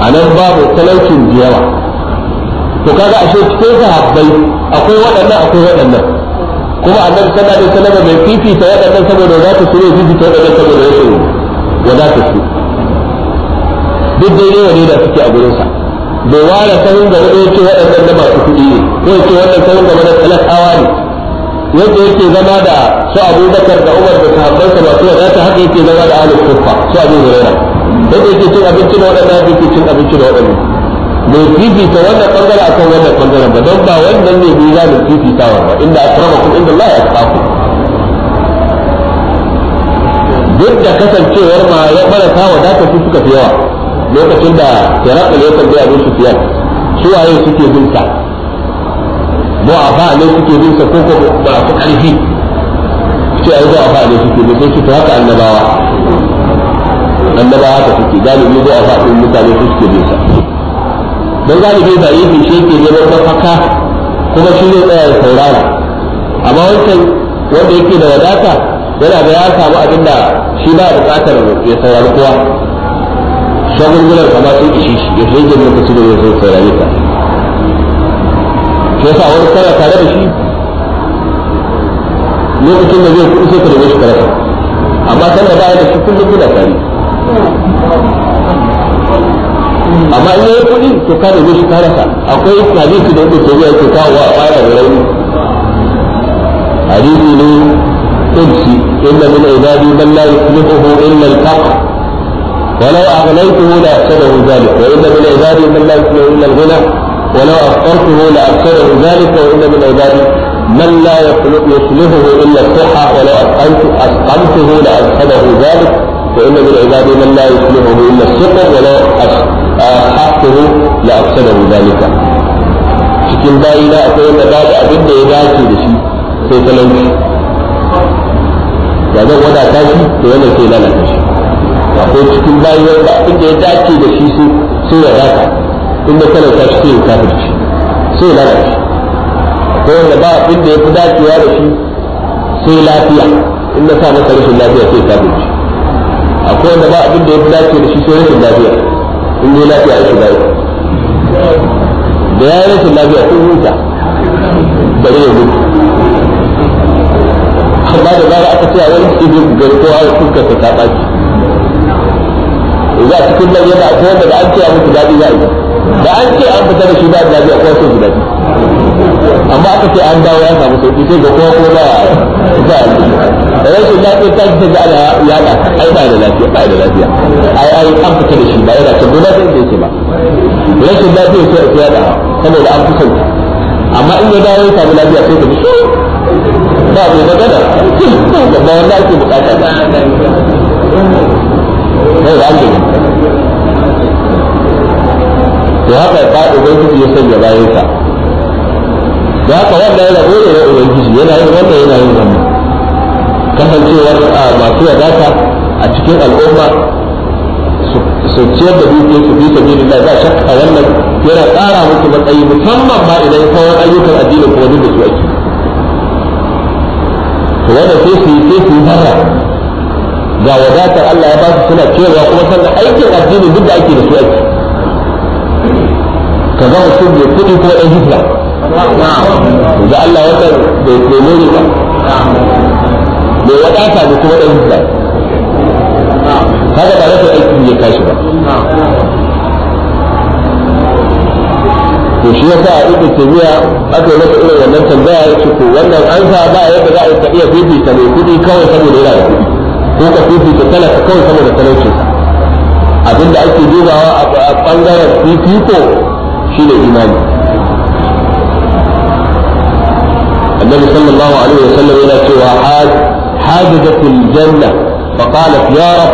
a nan babu talaucin da yawa to kaga ashe cikin sahabbai akwai waɗannan akwai waɗannan kuma annabi sallallahu alaihi wasallam bai fifita waɗannan saboda za ta su ne fifita waɗannan saboda rashin wadata su duk daidai ne da suke a gurinsa bai ware sahun gaba ɗaya ce waɗannan na masu kuɗi ne ko ce wannan sahun gaba da talakawa ne yadda yake zama da su abubakar da umar da sahabbansa masu wadata haka yake zama da ahlul kufa su abu hurairah yadda yake cin abinci da waɗannan yake cin abinci da waɗannan bai fifita wannan bangare akan wannan bangaren ba don ba wannan ne bai zamin fifitawa ba inda akramakum inda Allah ya tsaku duk da kasancewar ma ya marasa ta fi suka fi yawa lokacin da tarakul ya abin Abu Sufyan su waye suke bin sa ba ne suke bin sa ko ko su karfi ce ai ba ne suke bin su ta haka annabawa annabawa ta suke galibi mu'afa din mutane su suke bin sa dan galibi da yi shi ke neman mafaka kuma shi ne tsaya saurara amma wancan wanda yake da wadata yana da ya samu abin da shi ba da bukatar ya saurari kowa shagulgular kama sun ishi shi ya shi yake lokaci da yanzu ta rayu ta shi yasa wani kana tare da shi lokacin da zai kusa sai ka dame shi karasa amma kan da bayan da shi kullum kuna tare amma in yayi kuɗi to ka dame shi karasa akwai hadisi da yake tafiya yake kawo a bayan da rauni hadisi ne kudsi inda min ibadi man la yuslihu illa al-faqr ولو أغنيته لأفسده ذلك وإن من عبادي من لا يسمع إلا الغنى ولو أفقرته لأفسده ذلك وإن من عبادي من لا يصلحه إلا الصحة ولو أسقمته لأفسده ذلك وإن من عبادي من لا يصلحه إلا الشكر ولو أسحقته لأفسده ذلك cikin باي akwai wanda babu abin da ya dace da shi sai talauci da zan wadata shi to yana sai lalata shi akwai cikin bayan da abin da ya dace da shi su sai ya dace inda ta shi sai ya kafirci sai ya dace akwai wanda ba abin da ya fi dacewa da shi sai lafiya inda sa masa rashin lafiya sai ya kafirci akwai wanda ba abin da ya fi dace da shi sai rashin lafiya in dai lafiya shi shiga da ya yi rashin lafiya sun huta bari ya gudu amma da zara aka ce wani cikin gaggawa suka ta ɓaki. za a cikin nan yana ko da da an ce a musu daɗi za a yi da an ce an fita da shi ba daɗi a kwasan su daɗi amma aka ce an dawo ya samu sauki sai ga kowa ko ba yi rashin lafiya ta ce da ya yaɗa ai ba da lafiya ba da lafiya ai ai an fita da shi ba yana can dole sai da yake ba rashin lafiya sai ya yaɗa saboda an fi amma in ya dawo ya samu lafiya sai ka ji shi ba mai magana ba wanda ake bukata ba sai da Allah to haka ba ubangiji ya sanya bayansa da haka wanda yana dole ne ubangiji yana yin wannan yana yin wannan kasancewar masu wadata a cikin al'umma su ciyar da dukiya su bi sabili da ba shakka wannan yana tsara musu matsayi musamman ma idan sauran ayyukan addinin kuma duk da su ake to wanda sai su yi sai su yi ga wadatar Allah ya ba su suna cewa kuma sannan aikin addini duk da ake da su aiki ka ga mutum mai kuɗi ko ɗan hijira ga Allah wannan bai nuni ba mai wadata da kuma ɗan hijira kaga ba rasa aikin ya kashi ba to shi yasa ibnu tabiya aka yi masa irin wannan tambaya yace ko wannan an sa ba yadda za a iya fifita mai kuɗi kawai saboda yana da kudi ko ka fifita talaka kawai saboda talaucinsa abinda ake dubawa a bangaren fifiko shine imani النبي صلى الله عليه وسلم إلى سوى حاجزة الجنة فقالت يا رب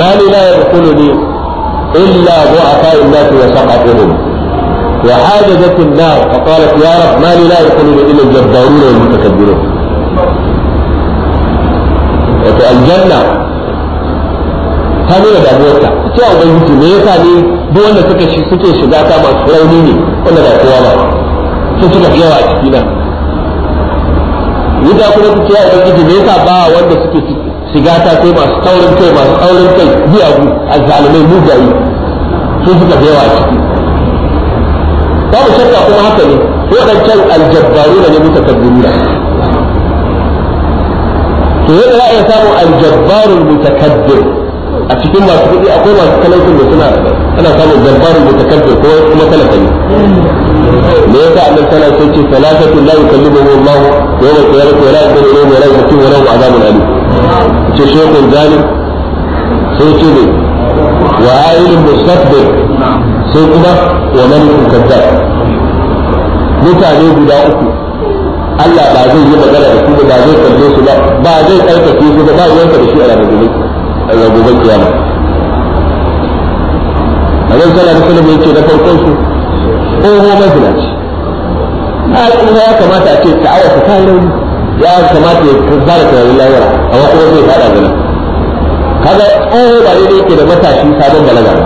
ما لي لا يدخلني إلا ضعفاء الناس وسقطهم وحاجزة النار فقالت يا رب ما لي لا يدخلني إلا الجبارون والمتكبرون wato aljanna ta nuna damuwarta cewa ubangiji me yasa ne duk wanda suka suke shiga ta masu rauni ne wanda ba kowa ba sun suka fi yawa a ciki na wuta kuma ta cewa ubangiji me yasa ba wanda suke shiga ta sai masu taurin kai masu taurin kai biyagu zalimai mugaye sun suka fi yawa a ciki babu shakka kuma haka ne waɗancan aljabbaru da ne mutakabbiru to yadda za a iya samun aljabbarul a cikin masu kuɗi akwai masu talaucin da suna ana samun jabbarul mutakabbir ko kuma talaka ne me yasa annabi sallallahu alaihi wasallam ce salatatu la yukallimuhu Allah yawm al-qiyamah wa la yaqulu ilayhi wa la yuqtu wa lahu azabun alim ce shekul zalim ce wa ailin musabbir sai kuma wa man kazzab mutane guda uku Allah ba zai yi magana da su ba zai kalle su ba ba zai tsarkake su ba ba yanka da shi a ranar gobe a ranar gobe kiyama Allah sallallahu da wasallam yake da farkon su oho mazinaci a kuma ya kamata a ce ta'awa ta kai rauni ya kamata ya fara tunanin a wasu wasu zai fada gani kaga oho ba ne yake da matashi sabon balaga ba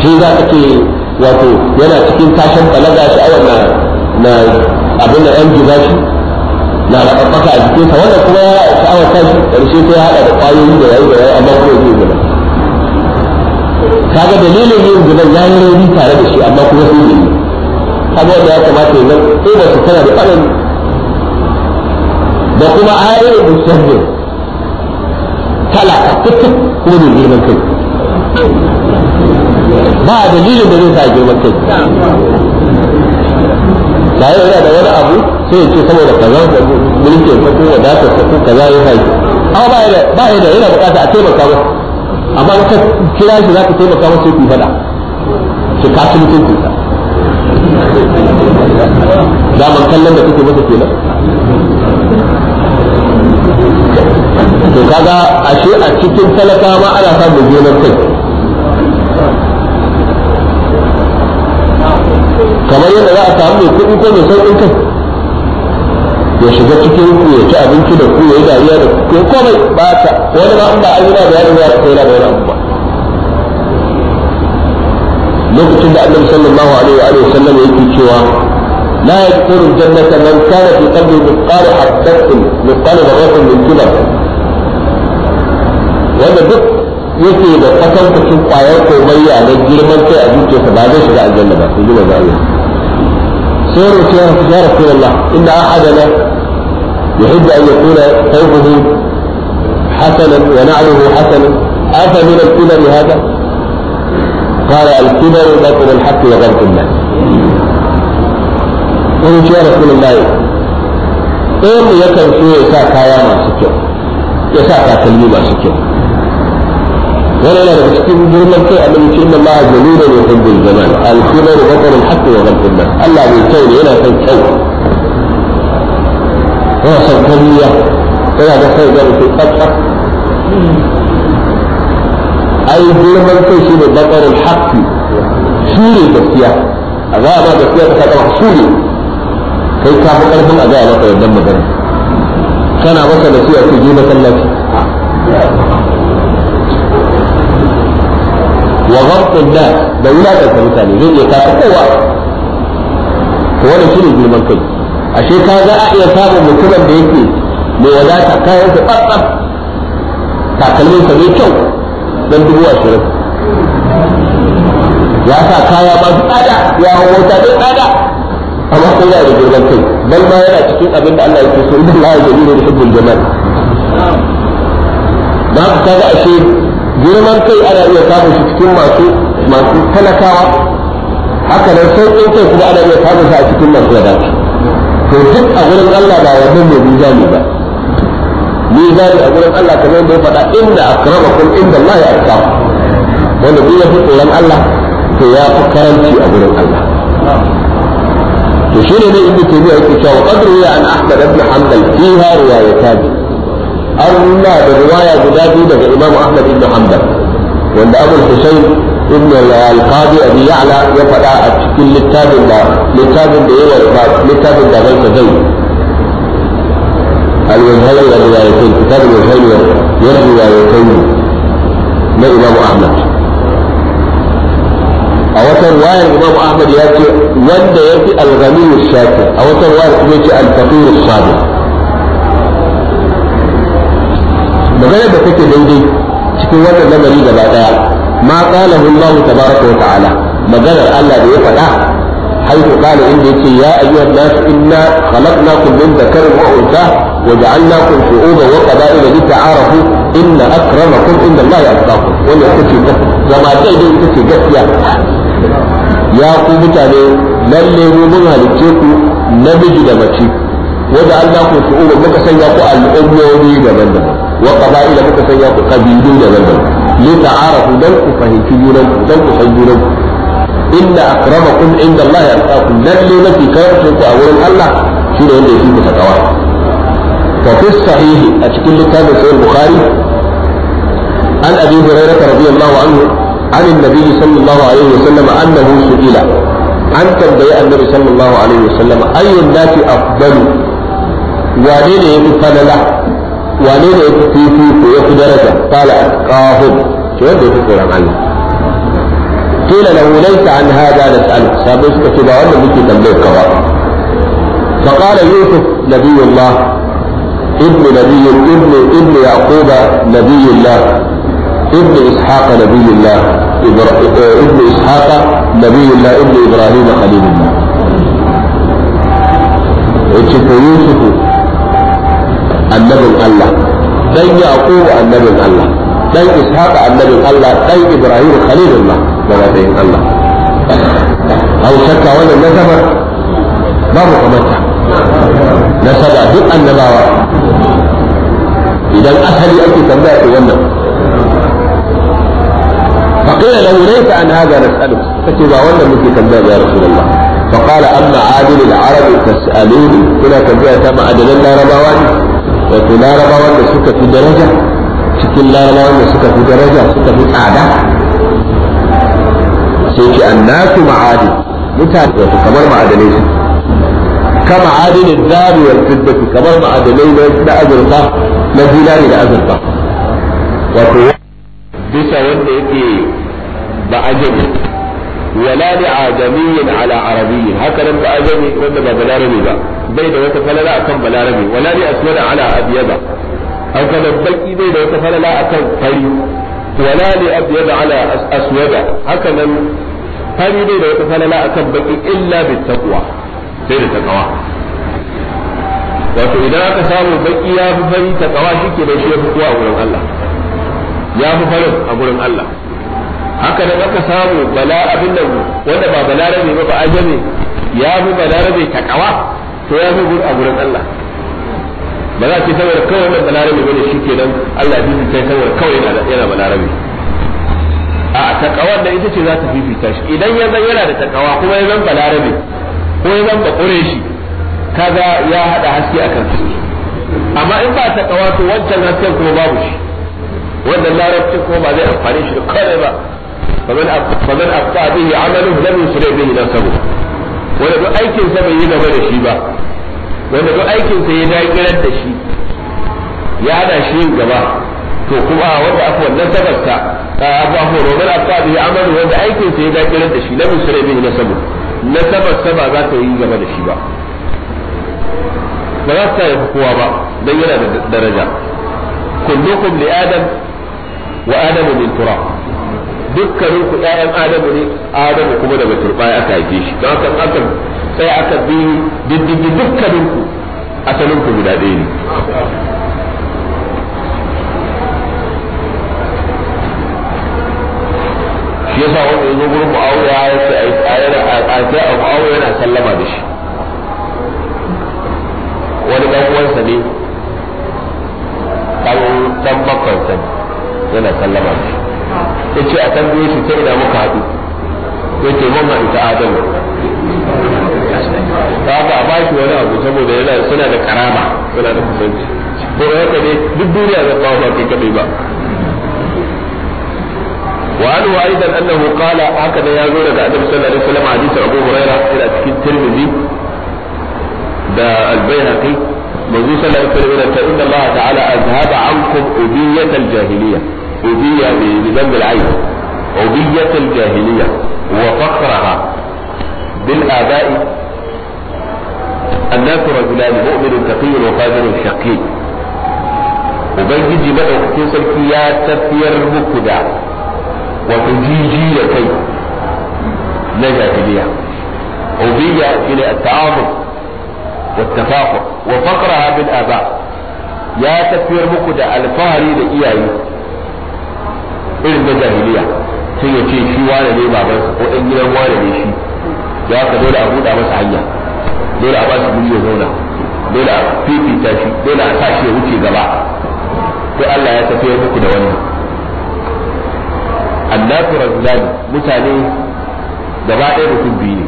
shi za ka ce wato yana cikin tashin balaga a wannan. na abin da yan jiba shi na rababbaka a jikinsa wanda kuma ya sha'awar ta shi ƙarshe sai ya haɗa da ƙwayoyi da yayi da yayi amma kuma zai zuba kaga dalilin yin zuban ya yi rauni tare da shi amma kuma sai yi kaga wanda ya kamata ya zama sai da su tana da ɓarin da kuma ayoyin musamman talaka tuttuf ko ne girman kai ba dalilin da zai sa girman kai ba yana da wani abu sai ya ce saboda kaza ka ko wadata ko kaza ya amma ba yana ba yana bukata a taimaka masa amma ka kira shi zaka taimaka masa sai ku fada ki da man kallon da masa kenan to ashe a cikin talaka ma ana samun jinar kai kamar yadda za a samu mai kuɗi ko mai sauƙin kai ya shiga cikin ku ya ci abinci da ku ya yi dariya da ku ko mai ba ta wani ma in ba an yi na bayanin ya ta yana da wani ba lokacin da annabi sallallahu alaihi wa alihi sallam yake cewa la yadkhulu jannata man kana fi qalbihi mithqal habatin mithqal dharratin min kibar wanda duk yake da kasantacin kwayar ya na girman kai a zuciyarsa ba zai shiga aljanna ba sai ji manzo Allah قالوا يا رسول الله إن أحدنا يحب أن يكون ثوبه حسنا ونعله حسنا أفمن الكبر هذا؟ قال الكبر بطل الحق وغلط الناس قالوا يا رسول الله إيه يكن في يساء كايا ما سكر يساء كلمة ما سكر ولا لا بتكتب جملة كده أما يقول إن الله جميل يحب الجمال الكبر بطل الحق وغلط الناس الله بيتين هنا في تنتهي وصل كبيرة هنا دخل جمع في الفتحة أي جملة شنو بطل الحق سوري بسيا أغاما بسيا تكتب سوري كي كافة قلبهم أغاما تقدم مدرس كان مثلا سيئة في جيمة الله wa ghabtun nas da wulaƙanta mutane zai iya kafa kowa to wannan shine girman kai ashe ka za a iya samun mutumin da yake mai wadata kayan su tsatsaf takalmin mai kyau dan dubu ashirin ya sa kaya masu tsada ya hau mota mai tsada amma sai yana da girman kai dan ma yana cikin abinda da Allah yake so da ba ashe girman kai ana iya samun shi cikin masu masu talakawa haka nan sauƙin kai kuma ana iya samun shi a cikin masu wadata to duk a gurin Allah ba wannan ne mizani ba mizani a gurin Allah kamar da ya faɗa inda akramakum inda Allah ya aka wanda duk ya fi tsoron Allah to ya fi karanci a gurin Allah to shine ne ibnu tabi'a yake cewa qadru ya an ahmad ibn hanbal fiha riwayatani أولى برواية جدادي من الإمام أحمد بن حنبل وعند أبو الحسين ابن القاضي أبي يعلى يفعل أتكل لتاب الله لتاب الله للتاب الله غير زيد الوجهين والروايتين كتاب الوجهين والروايتين للإمام أحمد a wata ruwayar imam ahmad ya ce wanda ya fi alghani shakir a wata ruwayar kuma ya ce magana da kake daidai cikin wannan lamari gaba daya ma qala Allah tabaraka wa ta'ala maganar Allah da ya faɗa haifu qala inda yake ya ayyuhan nas inna khalaqnakum min dhakarin wa untha wa ja'alnakum shu'uban wa qaba'ila lita'arafu inna akramakum inda Allah yatqakum wannan kuke zama daidai ita ce gaskiya ya ku mutane lalle mu mun halicce ku namiji da mace wanda Allah muka sanya ku al'ummomi daban-daban وقبائل متفيا دون ذنب لتعارفوا لن تفهمتوا لن تفهمتوا لن إن أكرمكم عند الله أتقاكم لن لن في كيرتكم أولا الله شنو يلي يجيب تتواصل ففي الصحيح أتكل لكام سيد البخاري عن أبي هريرة رضي الله عنه عن النبي صلى الله عليه وسلم أنه سئل عن تنبيه النبي صلى الله عليه وسلم أي الناس أفضل وعليه يقول فلا wane ne ya fi ko ya fi daraja kala kafin to wanda ya fi tsoron Allah kila lahu laysa an hada nas'al sabo suka ce ba wanda muke tambayar ka ba fa qala yusuf nabiyullah ابن نبي ابن ابن يعقوب نبي الله ابن اسحاق نبي الله ابن اسحاق نبي الله ابن ابراهيم خليل الله. يوسف annabin Allah dan yaqub annabin Allah dan ishaq annabin Allah dan ibrahim khalilullah daga bayin Allah au shakka wannan nasaba babu kamata nasaba duk annabawa idan asali ake tambaya to wannan فقيل له ليس عن هذا نسأله فكذا ولا مثل كذاب يا رسول الله فقال أما عادل العرب تسألوني هنا كذاب تم عدل الله رباواني wato larabawan da suka fi daraja cikin larabawan da suka fi daraja suka fi tsada sai ce annasu ma'adi mutane wato kamar ma'adanai su ka ma'adinin zaru wal fiddati kamar ma'adanai na azurfa na zinari da azurfa wato bisa wanda yake ba ajami wala li adamiyyin ala arabiyyin haka nan ba ajami wanda ba balarabi ba bai da wata falala akan balarabe wala li aswada ala abyada aw kana baki bai da wata falala akan fari wala li abyada ala aswada haka nan fari bai da wata falala akan baki illa bit taqwa sai da taqwa wato idan aka samu baki ya fi fari taqwa shike da shi ya fi kowa a wurin Allah ya fi farin a gurin Allah haka nan aka samu bala abin nan wanda ba balarabe ba ba ajami ya fi balarabe takawa to ya zo a gurin Allah ba za ki saboda kawai wannan shi ke nan, Allah ya fifita sai saboda kawai yana yana balarabe a takawa da ita ce za ta fifita shi idan ya zan yana da takawa kuma ya zan balarabe ko ya zan bakure shi kaga ya haɗa haske akan su amma in ba takawa to wancan hasken kuma babu shi wannan larabci kuma ba zai amfani shi da kawai ba فمن أبطأ به عمله لم يسرع به نسبه wanda duk aikin sa bai yi gaba da shi ba wanda duk aikinsa ya dakirar da shi ya da shi yin gaba to kuma wanda aka wannan sabarsa abu abu rogar aka abu ya amaru wanda aikinsa ya dakirar da shi na musulai bin nasabu nasabarsa ba za ta yi gaba da shi ba ba za ta yi kowa ba don yana da daraja kullukum li adam wa adamu min turab dukkanin ku ƴaƴan adamu ne adamu kuma daga turbaya aka haife shi don haka sai aka bi diddigi dukkanin ku asalin ku guda ɗaya ne shi yasa wanda yanzu zo gurin mu'awiya ya ce a yana a a mu'awiya yana sallama da shi wani ɗan uwansa ne ɗan bakwansa yana sallama da shi ya ce a tambaye shi ta ina muka haɗu ya ce mamma ita ta ta haka a baki wani abu saboda yana suna da karama suna da kusanci ko haka ne duk duniya zan bawa ba kai kadai ba وعنه ايضا انه قال هكذا يا زوجة النبي صلى الله عليه وسلم حديث ابو هريره الى تكين الترمذي ده البيهقي النبي صلى الله عليه وسلم ان الله تعالى اذهب عنكم ابية الجاهليه ابية بذنب العين ابية الجاهليه وفقرها بالاباء الناس رجلان مؤمن تقي وفاجر شقي وبنجي مدى وقتين سلكي يا تفير مكدا وتجيجي لكي نجا جليا وبيجا إلى التعامل والتفاقر وفقرها بالآباء يا تفير مكدا الفهري لإيائي إلى جاهلية sun ya ce shi wane ne ba wa'in gidan wane ne shi ya dole a ba shi guri ya zauna dole a fifita shi dole a sa shi ya wuce gaba to Allah ya tafiyar muku da wannan annabi razzani mutane gaba ɗaya mutum biyu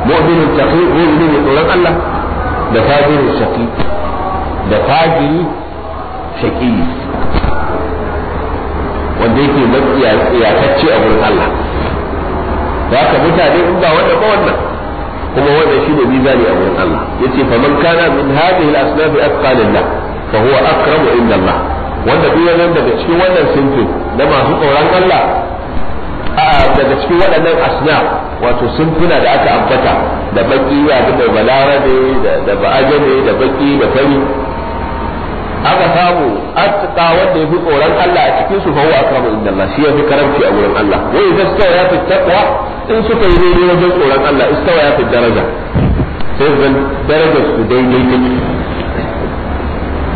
ne mu'minin taqi mu'minin ne tsoron Allah da fajirin shaqi da fajiri shaqi wanda yake matsiyatacce a gurin Allah ba ka mutane in ba wanda ba wannan kuma wannan shine mizani a wurin Allah yace faman kana min hadhihi al-asnaf atqalillah fa huwa akramu inda Allah wanda duk wannan daga cikin wannan sinfin na masu tsoron Allah daga cikin waɗannan asnaf wato sinfuna da aka ambata da baki da da balarabe da ba'ajabe da baki da fari aka samu atta wanda yafi tsoron Allah a cikin su fa huwa akramu inda Allah shi yafi karamci a wurin Allah wa idza ya fi taqwa in suka yi daidai wajen tsoron Allah istawa ya fi daraja sai zan darajar su daidai ne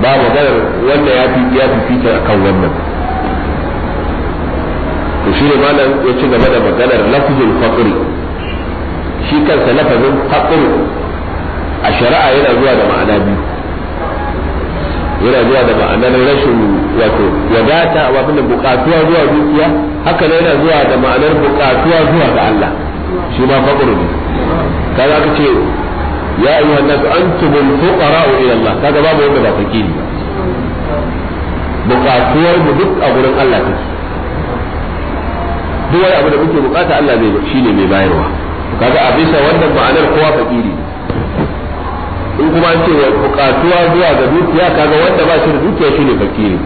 ba maganar wanda ya fi ya fi fita akan wannan to shi ne malam ya ci gaba da maganar lafzul faqri shi kansa lafazin faqri a shari'a yana zuwa da ma'ana biyu yana zuwa da ma'anar rashin wato wadata wa bin bukatuwa zuwa dukiya haka yana zuwa da ma'anar bukatuwa zuwa ga Allah shi ma faqru ne kaza ka ce ya yi wannan su an-nas antumul fuqara'u ila Allah kaga babu wanda ba fakiri bukatuwar mu duk a gurin Allah take duk wani abu da muke bukata Allah shi ne mai bayarwa kaga a bisa wannan ma'anar kowa fakiri ne in kuma ce wa bukatuwa zuwa ga dukiya kaga wanda ba shi da dukiya shi ne fakiri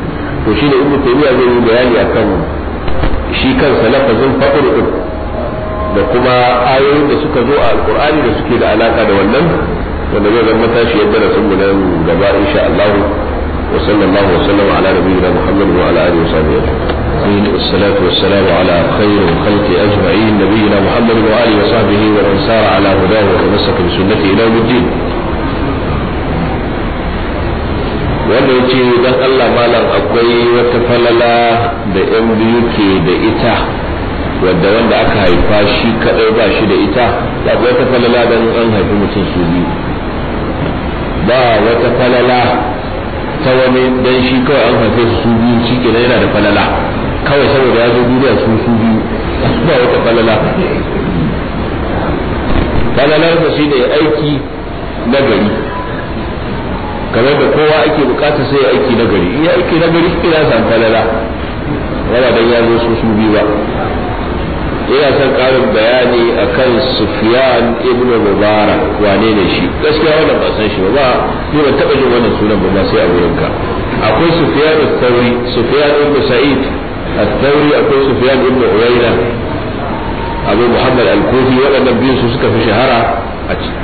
to shi ne ibnu taymiya zai yi bayani akan shi kan lafazin fakir din da kuma ayoyin da suka zo a alqur'ani da suke da alaka da wannan wanda zai zama tashi yadda rasul mu nan gaba insha Allah wa sallallahu wa sallama ala nabiyyina Muhammad wa ala alihi wa sahbihi أجمعين والصلاة والسلام على خير الخلق أجمعين نبينا محمد وآله وصحبه ومن سار على هداه وتمسك بسنته إلى يوم الدين wanda ya ce don Allah malam akwai wata falala da yan biyu ke da ita wadda wanda aka haifa shi kadai ba shi da ita da wata falala don an haifi mutum su biyu ba wata falala ta wani dan shi kawai an haife su biyu shi ke yana da falala kawai saboda ya zo duniya su su biyu ba wata falala falalar shi ne aiki na gari kamar da kowa ake bukata sai aiki na gari iya aiki na gari shi ya san falala wala dan ya zo su su bi ba ina son karin bayani akan Sufyan ibn Mubarak wane ne shi gaskiya wannan ba san shi ba ba. ni ban taba jin wannan sunan ba sai a wurin ka akwai Sufyan al-Thawri Sufyan ibn Sa'id al-Thawri akwai Sufyan ibn Uyayna Abu Muhammad al-Kufi waɗannan biyu su suka fi shahara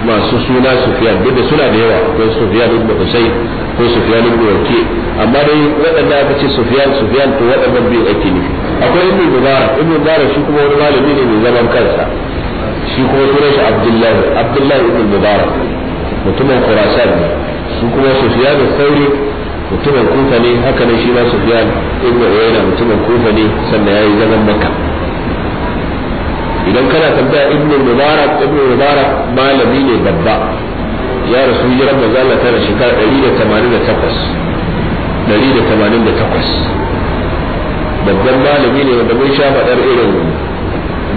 masu suna sufiyan duk da suna da yawa ko sufiyan ibn husayn ko sufiyan ibn waki amma dai waɗanda aka ce sufiyan sufiyan to waɗannan biyu ake nufi akwai ibn mubarak ibn mubarak shi kuma wani malami ne mai zaman kansa shi kuma sunan shi abdullahi abdullahi ibn mubarak mutumin khurasan ne su kuma sufiyan sauri mutumin kufa ne haka ne shi ma sufiyan ibn uyayna mutumin kufa ne sannan yi zaman makka idan kana tambaya ibnu mubarak ibn mubarak malami ne babba ya rasu hijiran manzo Allah tana shekara 188 188 babban malami ne wanda mun sha faɗar irin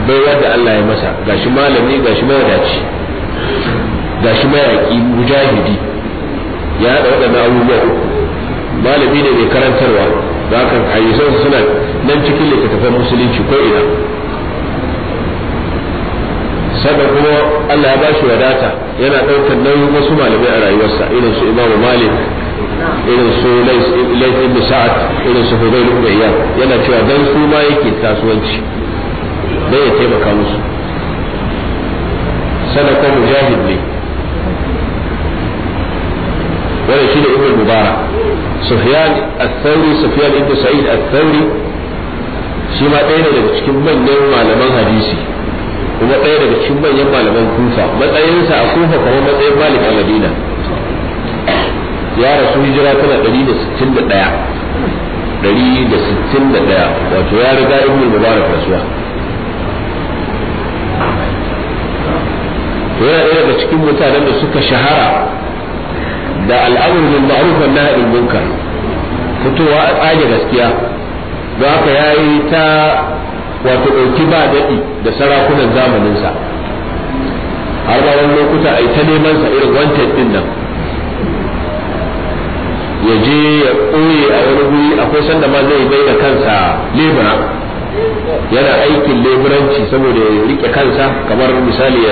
baiwa da Allah ya masa gashi malami gashi mawadaci gashi mayaƙi mujahidi ya haɗa waɗannan abubuwa malami ne mai karantarwa da haka hadisan suna nan cikin littattafan musulunci ko ina sannan kuma Allah ya bashi wadata yana ɗaukar nauyin wasu malamai a rayuwarsa irin su Imam Malik irin su Laith ibn Sa'ad irin su Hudayl ibn Iyad yana cewa dan su ma yake kasuwanci dan ya taimaka musu sannan mujahid ne wanda shi ne ibn Mubarak Sufyan al-Thawri Sufyan ibn Sa'id al-Thawri shi ma ɗaya ne daga cikin manyan malaman hadisi kuma ɗaya daga cikin manyan malaman kufa matsayinsa a kufa kamar matsayin malik a madina ya rasu hijira tana da ɗaya wato ya riga ibn mubarak rasuwa to yana ɗaya daga cikin mutanen da suka shahara da al'amur bil ma'ruf wan nahy munkar fitowa a tsage gaskiya don haka yi ta wato ɗauki ba daɗi da sarakunan zamaninsa har ba wani lokuta a ta neman sa irin wancan din nan ya je ya ɓoye a wani guri akwai sanda ma zai bai da kansa lebura yana aikin leburanci saboda ya rike kansa kamar misali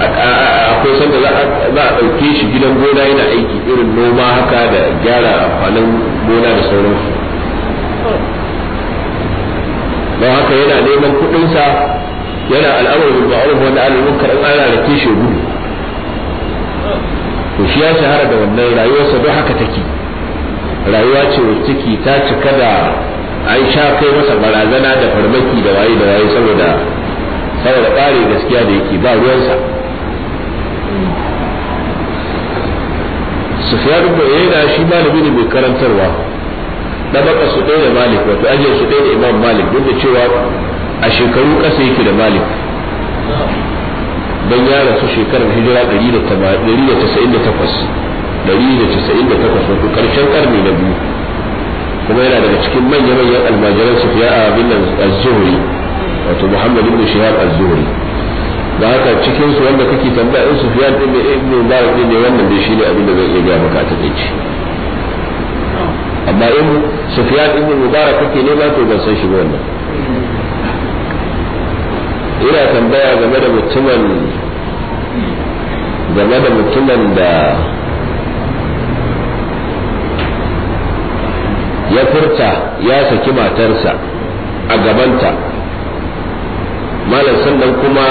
akwai sanda za a ɗauke shi gidan gona yana aiki irin noma haka da gyara amfanin gona da sauransu don haka yana neman kuɗinsa yana al'amari bil ma'ruf wa nahy anil munkar ana rake shi gudu to shi ya shahara da wannan rayuwarsa don haka take rayuwa ce wacce ciki ta cika da an sha kai masa barazana da farmaki da waye da waye saboda saboda ƙare gaskiya da yake ba ruwansa sufiyar ibn uyayna shi malami ne mai karantarwa na dabaka su ɗaya da malik wato ajiyar su ɗaya da imam malik duk da cewa a shekaru ƙasa yake da malik don ya rasu shekarar hijira 198 wato karshen karni na biyu kuma yana daga cikin manya-manyan almajiran su fiya a abin az azuri wato muhammad ibn shihab azuri zuhri da haka cikin su wanda kake tambaya in su fiya ibn ibn mubarak ne wannan da shi ne abin da zan iya ga maka ta dace amma in sufyan ibn mubarak kake nema to ban san shi ba wannan ina tambaya game da mutumin game da mutumin da ya furta ya saki matarsa a gabanta malam sannan kuma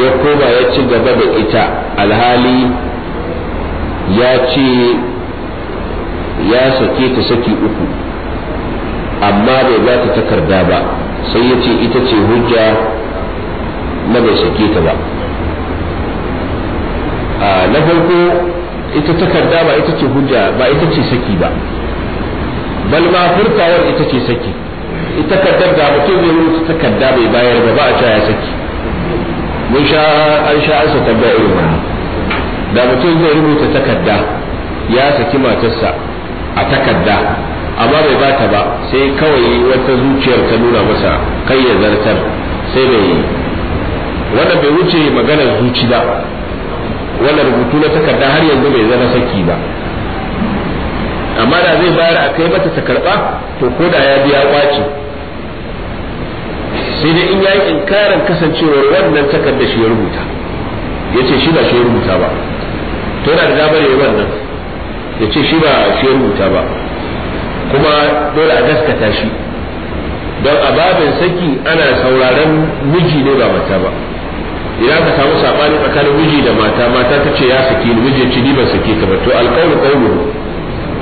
ya koma ya ci gaba da ita alhali ya ce ya sake ta saki uku amma bai ba ta takarda ba sai ya ce ita ce hujja na bai sake ta ba na farko ita takarda ba ita ce hujja ba ita ce saki ba bal ma furtawar ita ce saki ita takardar da mutum zai rubuta takarda bai bayar ba ba a cewa ya saki mun sha an sha an sa irin wannan da mutum zai rubuta takarda ya saki matarsa a takarda amma bai bata ba sai kawai wata zuciyar ta nuna masa kai ya zartar sai bai yi. wannan bai wuce maganar zuci ba wannan rubutu na takarda har yanzu bai zama saki ba amma da zai bayar a kai mata ta karba to ko da ya biya kwaci sai dai in ya yi inkarin kasancewar wannan takarda shi ya rubuta ya ce shi ba shi ya rubuta ba to da damar yi wannan ya ce shi ba shi rubuta ba kuma dole a gaskata shi don a babin saki ana sauraron miji ne ba mata ba idan ka samu sabani tsakanin miji da mata mata ta ce ya saki ni miji ci ni ban saki ka ba to alƙawlu qawlu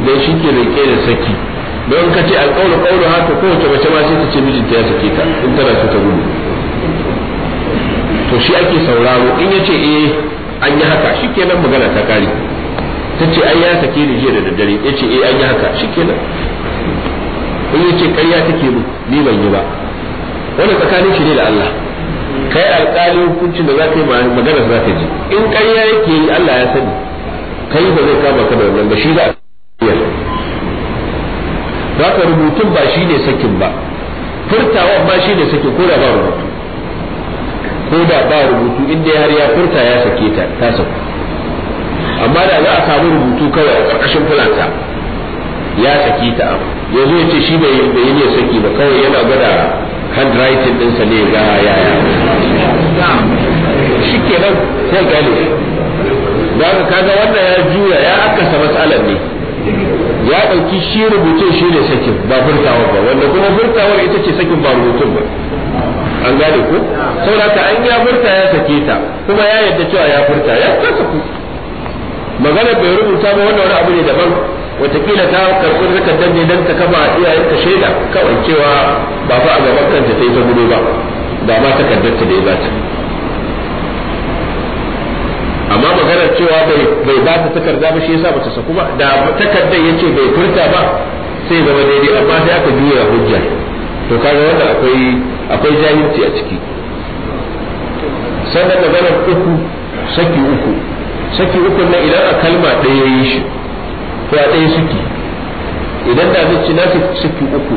dai shi ke rike da saki don ka ce alƙawlu qawlu haka ko kowace mace ma sai ta ce mijinta ya saki ka in tana so ta gudu to shi ake sauraro in ya ce eh an yi haka shi kenan magana ta kare ta ce ai ya sake ni jiya da daddare ya ce eh an yi haka shikenan in ya ce ƙarya take mu ni ban yi ba wani tsakanin shi ne da Allah kai alƙalin hukuncin da za ka yi magana za ka ji in ƙarya yake yi Allah ya sani kai ba zai kama ka da wannan ba shi za a ka rubutun ba shi ne sakin ba Furtawa ba shi ne sakin ko da ba rubutu ko da ba rubutu inda har ya furta ya sake ta ta sauka amma da za a samu rubutu kawai a ƙarƙashin fulansa ya saki ta yanzu ya ce shi bai yi ne saki ba kawai yana gada handwriting ɗinsa ne ga yaya shi nan sai gane za ka kaga wannan ya juya ya akasa matsalar ne ya ɗauki shi rubuce shi ne sakin ba furtawa ba wanda kuma furtawar ita ce sakin ba rubutun ba an gane ko saboda an ya furta ya sake ta kuma ya yadda cewa ya furta ya kasa ku magana bai rubuta ba wannan wani abu ne daban watakila ta karɓi takardar ne dan ta kama iyayen ta shaida kawai cewa ba fa a gaban kanta ta yi ta gudu ba da ma takardar ta da ya bata amma maganar cewa bai ba ta takarda ba shi yasa ba ta saku ba da takardar yace bai furta ba sai zama daidai amma sai aka juya hujja to kaga wanda akwai akwai jahilci a ciki sannan maganar uku saki uku saki uku na idan a kalma ɗaya yi shi to a ɗaya suke idan da zai ci na saki uku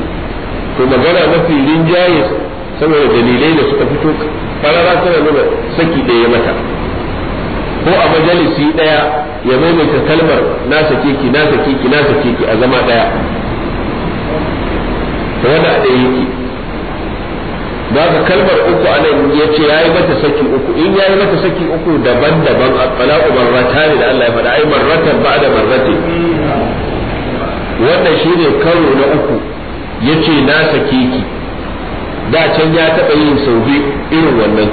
to magana mafi rinjaye saboda dalilai da suka fito farara tana nuna saki ɗaya mata ko a majalisi ɗaya ya maimaita kalmar na sake ki na sake ki na sake ki a zama ɗaya to wanda a ɗaya yake ba kalmar uku anan ya ce ya yi mata saki uku in ya yi mata saki uku daban-daban a talaku marrata ne da Allah ya faɗa ai marratan ba da marrate wannan shi ne karo na uku ya ce na sake ki da can ya taɓa yin sau irin wannan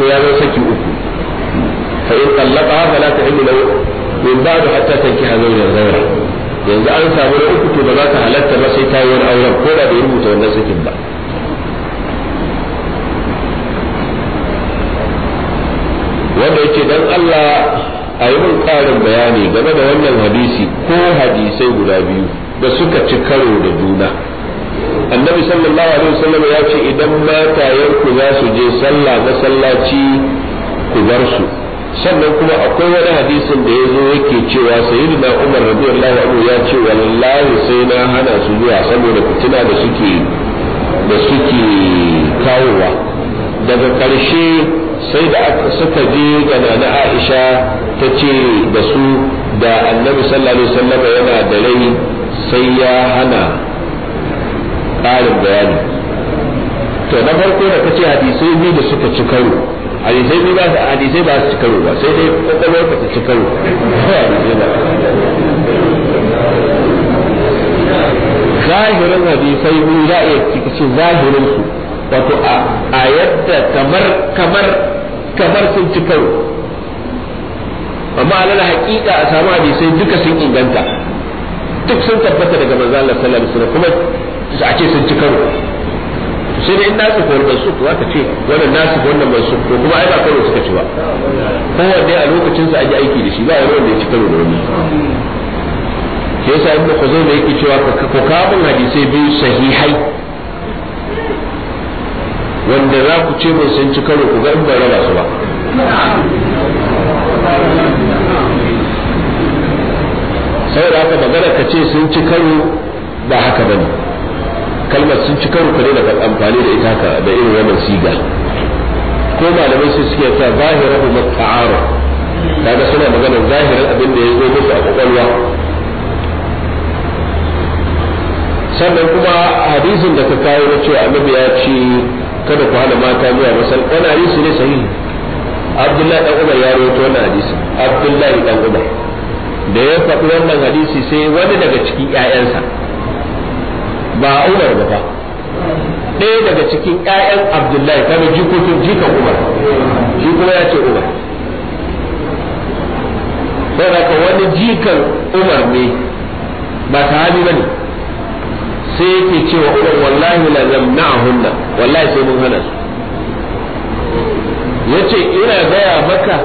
to ya zo saki uku fa in tallaka fa la tahillu lahu ba ba'd hatta tankiha da zaura yanzu an samu na uku to ba za ta halatta ba sai ta yi wani auren ko da bai rubuta wannan sakin ba wanda yake dan Allah a yi mun ƙarin bayani game da wannan hadisi ko hadisai guda biyu da suka ci karo da juna annabi sallallahu alaihi wasallam ya ce idan matayenku za su je sallah masallaci ku bar su sannan kuma akwai wani hadisin da ya zo yake cewa sayidu na umar radiyallahu anhu ya ce wallahi sai na hana su zuwa saboda fitina da suke da suke kawowa daga ƙarshe sai da suka je ga nana Aisha ta ce da su da annabi sallallahu alaihi wasallam yana da rai sai ya hana ƙarin bayani to na farko da kace hadisai biyu da suka ci karo hadisai biyu ba su hadisai ba su ci karo ba sai dai kokolwar ka ci karo zahirin hadisai biyu za a iya cikin zahirin su wato a yadda kamar kamar kamar sun ci karo amma alal hakika a samu hadisai duka sun inganta duk sun tabbata daga manzo Allah sallallahu alaihi wasallam kuma a ce sun ci karo sai dai inda su wannan su kuwa ka ce wannan nasu ko wannan su ko kuma ai ba karo suka ci ba kowanne a lokacin sa aji aiki da shi ba yaro wanda ya ci karo da wani sai yasa ibnu khuzaimah yake cewa ka kamun hadisai biyu sahihai wanda za ku ce mun sun ci karo ku ga in bai raba su ba da haka magana ka ce sun ci karo ba haka bane kalmar sun ci karo ka daina amfani da ita haka da irin wannan siga ko malamai sai suke ta zahirar mutta'ara kaga suna magana zahirar abin da ya zo musu a kwakwalwa sannan kuma hadisin da ka kawo na cewa annabi ya ce kada ku hana mata zuwa masal wani hadisi ne sahihi abdullahi dan umar ya rawaito wannan hadisi abdullahi dan umar da ya faɗi wannan hadisi sai wani daga cikin ƴaƴansa ba umar ba fa ɗaya daga cikin ƴaƴan abdullahi kada jikokin jikan umar shi kuma ya ce umar sai ka wani jikan umar ne ba sahabi bane sai yake cewa wallahi la zamna'ahunna wallahi sai mun hana su yace ina gaya maka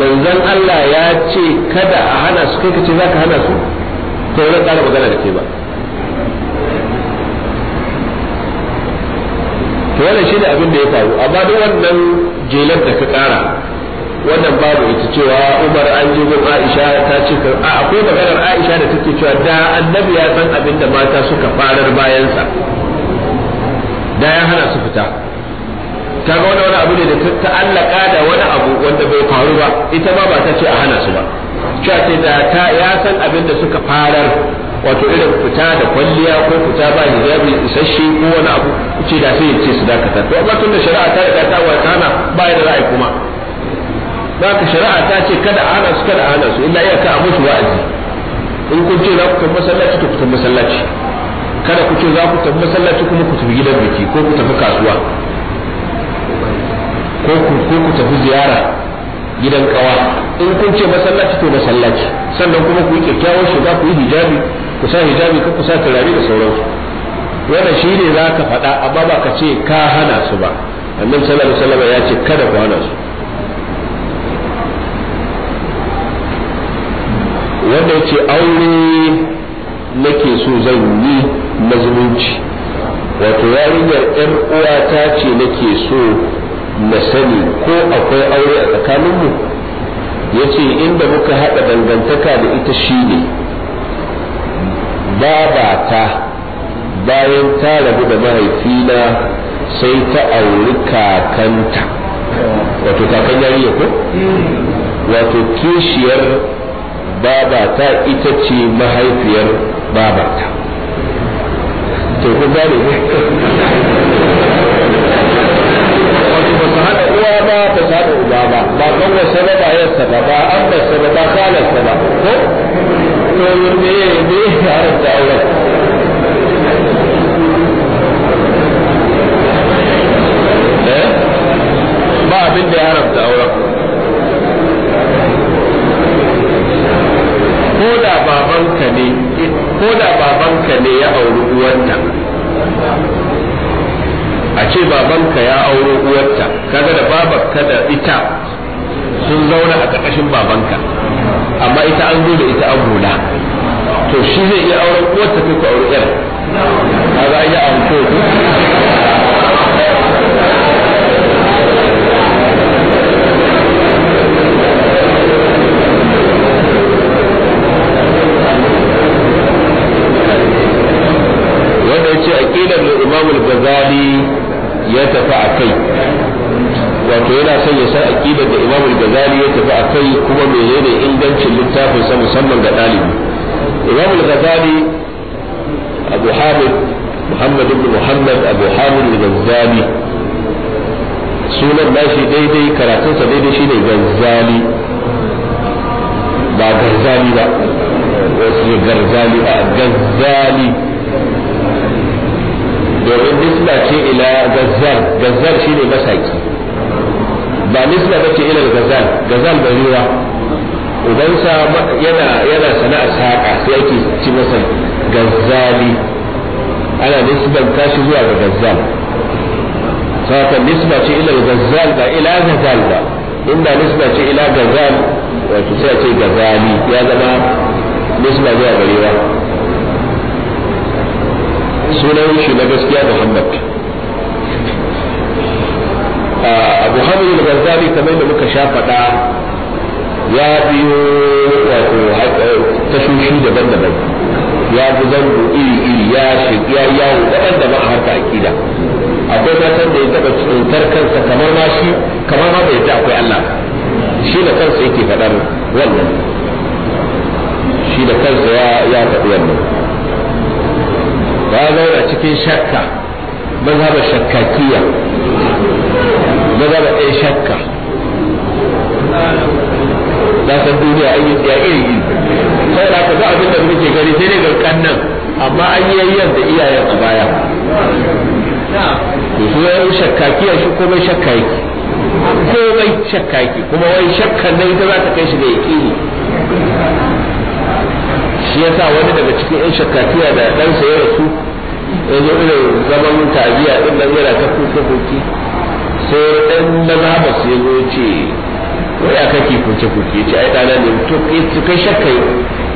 manzon Allah ya ce kada a hana su kai kace zaka hana su to wannan tsara magana da ke ba to wannan shine abin da ya faru amma duk wannan jelar da ka kara wannan babu ita cewa Umar an ji gun Aisha ta ce a akwai maganar Aisha da take cewa da annabi ya san abin da mata suka farar bayansa da ya hana su fita ta ga wani abu ne da ta allaka da wani abu wanda bai faru ba ita ma ba ta ce a hana su ba cewa ce da ta ya san abin da suka farar wato irin fita da kwalliya ko fita ba hijabi isasshe ko wani abu ce da sai ya ce su dakatar. to amma tun da shari'a ta riga ta wata na ba da ra'ayi kuma ka shari'a ta ce kada hana su kada hana su illa iya a musu wa'azi in kun ce za ku tafi masallaci to ku tafi masallaci kada ku ce za ku tafi masallaci kuma ku tafi gidan biki ko ku tafi kasuwa ko ku tafi ziyara gidan kawa in kun ce masallaci to masallaci sannan kuma ku yi kyakkyawar shiga ku yi hijabi ku sa hijabi ko ku sa turare da sauransu wannan shi ne za ka faɗa amma ba ka ce ka hana su ba annabi sallallahu alaihi wasallam ya ce kada ku hana su wanda ya ce aure nake so zan yi mazumunci wato yarinyar yan uwata ce nake so na sani ko akwai aure a tsakaninmu ya ce inda muka haɗa dangantaka da ita shi ne babata bayan ta rabu da mahaifina sai ta auri kakanta wato kakan yariya ko hmm. wato kishiyar babata ita ce mahaifiyar babata to ku gane uwa ba ta uba ba ba kan wasa ba ba ba ba ba eh? ba ba babanka ne ko da babanka ne ya auri uwarta a ce babanka ya auri uwarta kaga da babanka da ita sun zauna a ƙarƙashin babanka amma ita an zo da ita an gula to shi zai iya auren uwarta kai ku auri yar kaga ya ko musamman ga ɗalibi imam al-ghazali abu hamid muhammad ibn muhammad abu hamid al-ghazali sunan shi daidai karatunsa daidai shine ghazali ba garzali ba wasu ne garzali a gazzali domin nisla ce ila gazzar gazzar ne masaki ba nisla ba ce ila gazal gazal da ruwa ubansa yana yana sana'a saƙa sai ake ci masa gazzali ana nisbanta shi zuwa ga gazzal saka nisba ce ila gazzal ba ila gazzal ba inda nisba ce ila gazzal wato sai ce gazali ya zama nisba zuwa garewa sunan shi na gaskiya Muhammad ah, Abu Hamid al-Ghazali kamar da muka sha faɗa ya biyo wato tashoshi daban-daban ya bi zango iri-iri ya ya yawo daban-daban a harka akida akwai matan da ya taɓa tsuntar kansa kamar ma shi kamar ma bai yadda akwai Allah shi da kansa yake faɗar wannan shi da kansa ya ya faɗi wannan ya zauna cikin shakka ba mazhabar shakkakiya mazhabar ɗaya shakka na san duniya an yi ya iri iri sai da ka ga abin da muke gani sai ne ga kannan amma an yi yayyan da iyayen a baya to su yayin shakkakiya shi komai shakka yake komai shakka yake kuma wai shakkan nan ita za ta kai shi da yaqini shi ya sa wani daga cikin yan shakkakiya da dan sa ya rasu yanzu irin zaman tabiya din nan yana ta kuka kuki sai dan mazhabas ya zo ce wai ya kake kuce kuce ce ai dana ne to kai shakka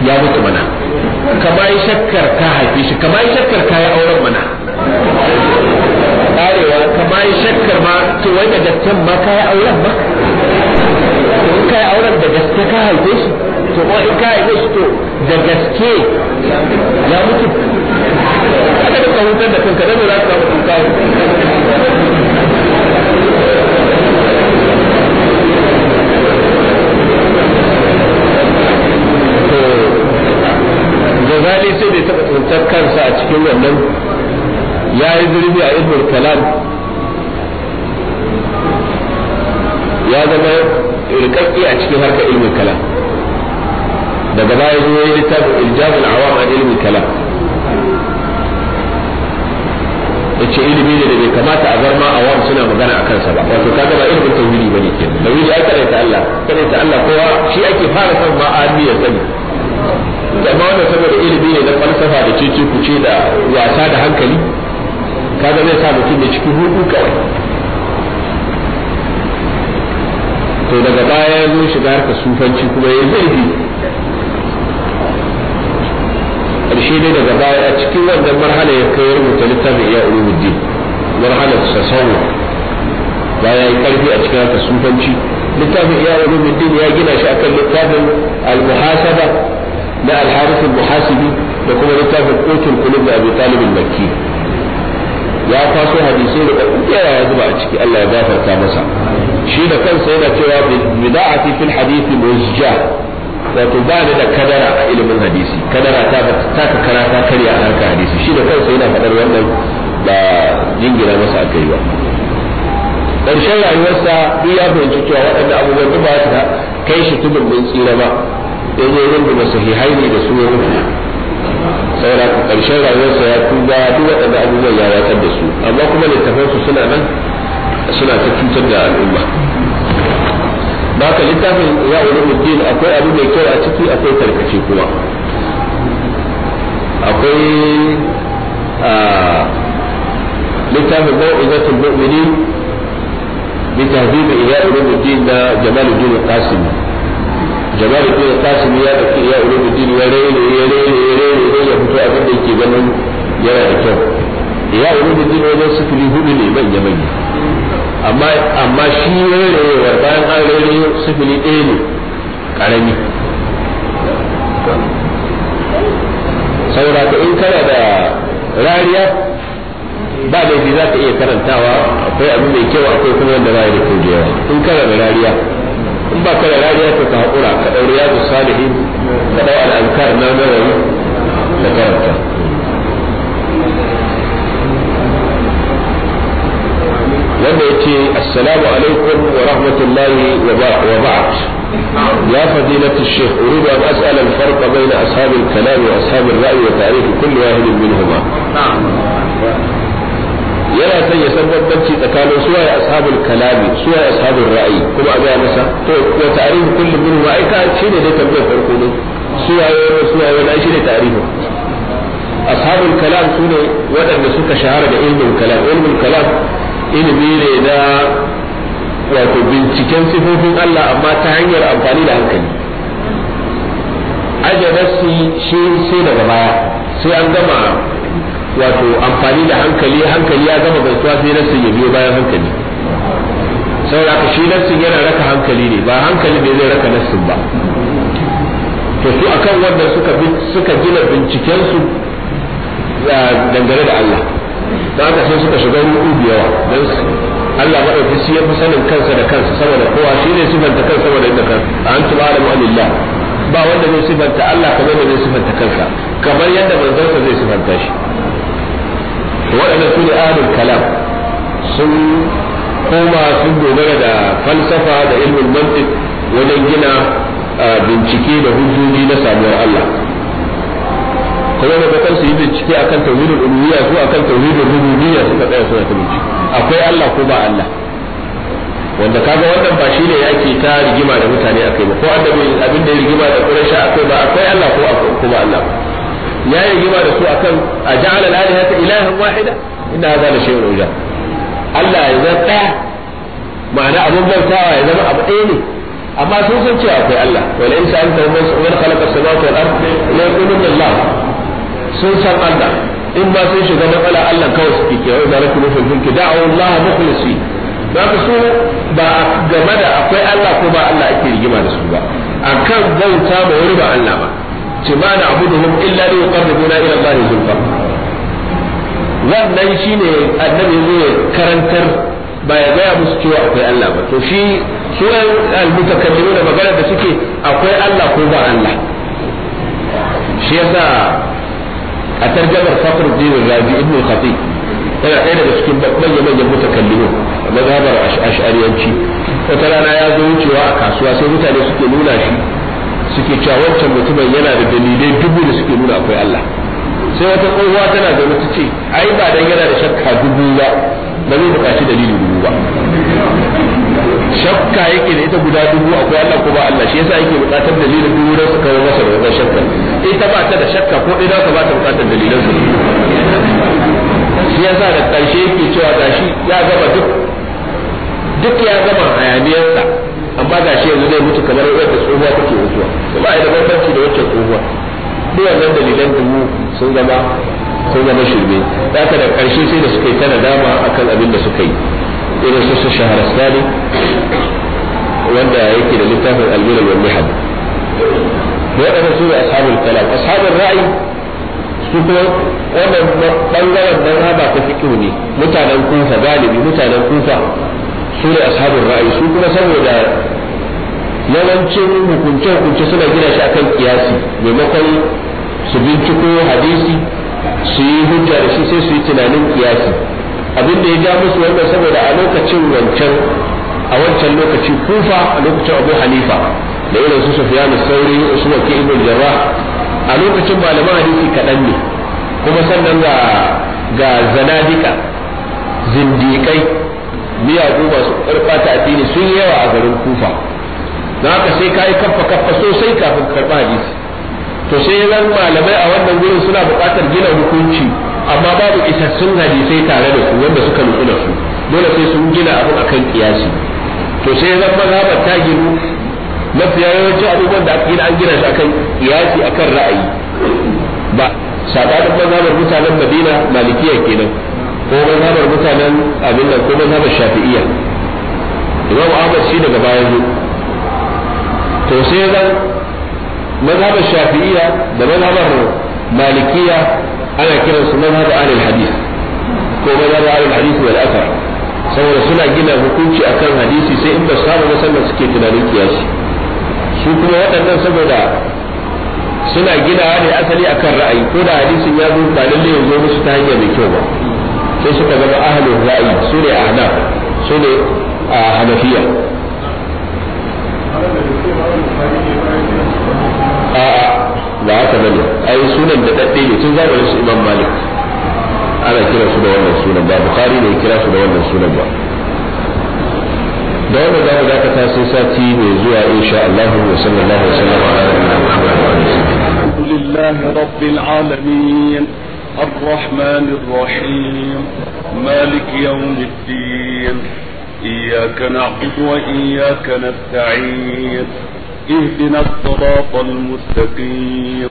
ya mutu mana ka bai shakkar ka haife shi ka bai shakkar ka yi auren mana karewa ka bai shakkar ma to wai da gasken ma ka yi auren ma in ka yi auren da gaske ka haife shi to ko in ka haife shi to da gaske ya mutu kada ka hutar da kanka da za ka samu kuka al sai da ya taɓa tsintar kansa a cikin wannan ya yi zurbi a ilmul kalam ya zama rikakki a cikin harka ilmin kalam daga baya zuwa ya yi littafin iljamul awam a ilmin kalam ce ilimi ne da bai kamata a bar ma awam suna magana a kansa ba wato kaga gaba ilimin tauhidi ne ke tauhidi ai kare ta Allah karanta Allah kowa shi ake fara son ma ya sani amma wannan saboda ilimi ne na falsafa da cece kuce da wasa da hankali kaga zai sa mutum da cikin hudu kawai to daga baya ya zo shiga harka sufanci kuma ya zai bi ƙarshe dai daga baya a cikin wannan marhala ya kai rubuta littafin iya ulumuddin marhalar sassawa baya ya karfi a cikin harka sufanci littafin iya ulumuddin ya gina shi akan littafin al-muhasaba da al al-muhasibi da kuma littafin qutl qulub da Abi Talib al-Makki ya kwaso hadisi da ƙarfiya ya zuba a ciki Allah ya gafarta masa shi da kansa yana cewa bida'ati fil hadith muzja wato ba ni da kadara a ilimin hadisi kadara ta ta kakara ta karya a harkar hadisi shi da kansa yana faɗar wannan da jingina masa aka yi ba ƙarshen rayuwarsa duk ya fahimci cewa waɗanda abubuwan da ba su kai shi tudun mun tsira ba ya zo runguma ne da su ya rufe saboda ka karshen rayuwarsa ya tuba duk waɗanda abubuwan ya watsar da su amma kuma littafansu suna nan suna ta cutar da al'umma ba ka littafin ya ulumuddin akwai abu mai kyau a ciki akwai karkace kuma akwai littafin mau'izatul mu'minin bi tahdhib iya ulumuddin da jamaluddin qasim jama'a da tashi ya dauki ya ulubu din ya rene ya rene ya rene ya ya fito abin da yake ganin yana da kyau ya ulubu din wajen sufuri hudu ne manya manya amma amma shi rene bayan an rene sufuri ɗaya ne karami saboda ka in kana da rariya ba laifi za ka iya karantawa akwai da mai kyau akwai kuma wanda ba ya da kujewa in kana da rariya in ba ka da rariya to ka haƙura ka ɗau riyadu salihin ka ɗau al'ankar na nawayi da karanta wanda ya ce assalamu alaikum wa rahmatullahi wa ba'd ya fadilatu الشيخ أريد أن أسأل الفرق بين أصحاب الكلام وأصحاب الرأي وتعريف كل واحد منهما yana son ya san bambanci tsakanin suwa ya ashabul kalami suwa ya ashabul ra'ayi kuma a gaya masa to wa tarihi kullum min wa aika shi ne dai tambayar farko ne suwa ya suwa ya shi ne tarihi ashabul kalam su ne waɗanda suka shahara da ilmin kalam ilmin kalam ilimi ne na wato binciken sifofin Allah amma ta hanyar amfani da hankali ajabarsi shi sai daga baya sai an gama wato amfani da hankali hankali ya gama gaisuwa sai nassin ya biyo bayan hankali saboda shi nassin yana raka hankali ne ba hankali ne zai raka nassin ba to su akan wanda suka suka gina binciken su dangane da Allah don haka sai suka shiga ruɗu da yawa don Allah maɗauki shi ya fi sanin kansa da kansa saboda kowa shi ne sifanta kansa saboda inda kan an tuba alamu alillah ba wanda zai sifanta Allah kamar da zai sifanta kansa kamar yadda manzansa zai sifanta shi waɗannan su ne ahlul kalam sun koma sun dogara da falsafa da ilmin mantiq wajen gina bincike da hujjoji na samuwar Allah kuma da kan su yi bincike akan tauhidul uluhiyya ko akan tauhidul rububiyya suka tsaya suna ta bincike akwai Allah ko ba Allah wanda kaga wannan ba shine ake ta rigima da mutane akai ba ko annabi abin da rigima da Quraysh akai ba akwai Allah ko ba Allah ba ya yi rigima da su akan a ja'ala al-alihata ilahan wahida inna hadha la shay'un ujab Allah ya zata daya ma'ana abun bautawa ya zama abu ɗaya ne amma sun san cewa akwai Allah wa la insa anta man man khalaqa as-samawati wal ardi la yakunu Allah sun san Allah in ba sun shiga matsala Allah kawai suke ke wai zara kuma fil mulki da'u Allah mukhlisi zaka su ba game da akwai Allah ko ba Allah ake rigima da su ba akan bauta ba wani ba Allah ba ce ma na abuduhum illa li yuqarribuna ila Allah zulfa wannan shine annabi zai karantar ba ya gaya musu cewa akwai Allah ba to shi sunan al da magana da suke akwai Allah ko ba Allah shi yasa a tarjamar fakhr dinin rabi ibn khatib yana ɗaya daga cikin manyan manyan mutakallimu mazhabar ash'ariyanci wata rana ya zo wucewa a kasuwa sai mutane suke nuna shi suke cewa wancan mutumin yana da dalilai dubu da suke nuna akwai Allah sai wata tsohuwa tana da mutu ce ai ba dan yana da shakka dubu ba ba zai buƙaci dalili dubu ba shakka yake da ita guda dubu akwai Allah ko ba Allah shi yasa yake buƙatar dalilin dubu da su kawo masa da wannan shakka ita ba ta da shakka ko ina ka ba ta buƙatar dalilan su shi yasa da ƙarshe yake cewa gashi ya gama duk duk ya gama hayaniyarsa amma ga shi yanzu zai mutu kamar yadda tsohuwa take mutuwa kuma a yi da bambanci da wacce tsohuwa duk wannan dalilan dubu sun zama sun zama shirme da aka da karshe sai da suka yi tana dama kan abin da suka yi irin su su shaharastani wanda yake da littafin albira wal mihad waɗanda su da ashabul kalam ashabul ra'ayi su kuma wannan bangaren nan haba ta fikihu ne mutanen kufa galibi mutanen kufa su ne ashabul ra'ayi su kuma saboda yawancin hukunce-hukunce suna gina shi akan kiyasi maimakon su binciko hadisi su yi hujja da shi sai su yi tunanin kiyasi abin da ya ja musu wannan saboda a lokacin wancan a wancan lokaci kufa a lokacin abu hanifa da irin su sufiyan sauri usman ke ibn jarrah a lokacin malaman hadisi kaɗan ne kuma sannan ga ga zanadika zindikai miyagu masu ƙarfata addini sun yawa a garin kufa da ka sai ka yi kaffa kaffa sosai kafin karɓa hadisi to sai ran malamai a wannan gurin suna buƙatar gina hukunci amma babu isassun hadisai tare da su wanda suka nutsu da su dole sai sun gina abin akan kiyasi to sai ran mazhabar ta ginu mafiya yawancin abubuwan da aka gina an gina shi akan kiyasi akan ra'ayi ba sabanin mazhabar mutanen Madina malikiya kenan ko mazhabar mutanen abin nan ko mazhabar shafi'iyya Imam Ahmad shi daga baya zo to sai zan mazhabar shafi'iyya da mazhabar malikiya ana kiransu mazhab ahlul hadith ko mazhab ahlul hadith wal athar saboda suna gina hukunci akan hadisi sai in ba samu ba suke tunanin kiyasi su kuma waɗannan saboda suna gina ne asali akan ra'ayi ko da hadisin ya zo ba lalle ya zo musu ta hanya mai kyau ba sai suka zama ahlul ra'ayi su ne ahnaf su ne a hanafiya a'a ba haka bane ai sunan da dadde ne tun zamanin su imam malik ana kira su da wannan sunan ba bukhari ne kira su da wannan sunan ba da wanda za mu dakata sai sati mai zuwa insha Allah wa sallallahu alaihi wa sallam alhamdulillah rabbil alamin الرحمن الرحيم مالك يوم الدين إياك نعبد وإياك نستعين اهدنا الصراط المستقيم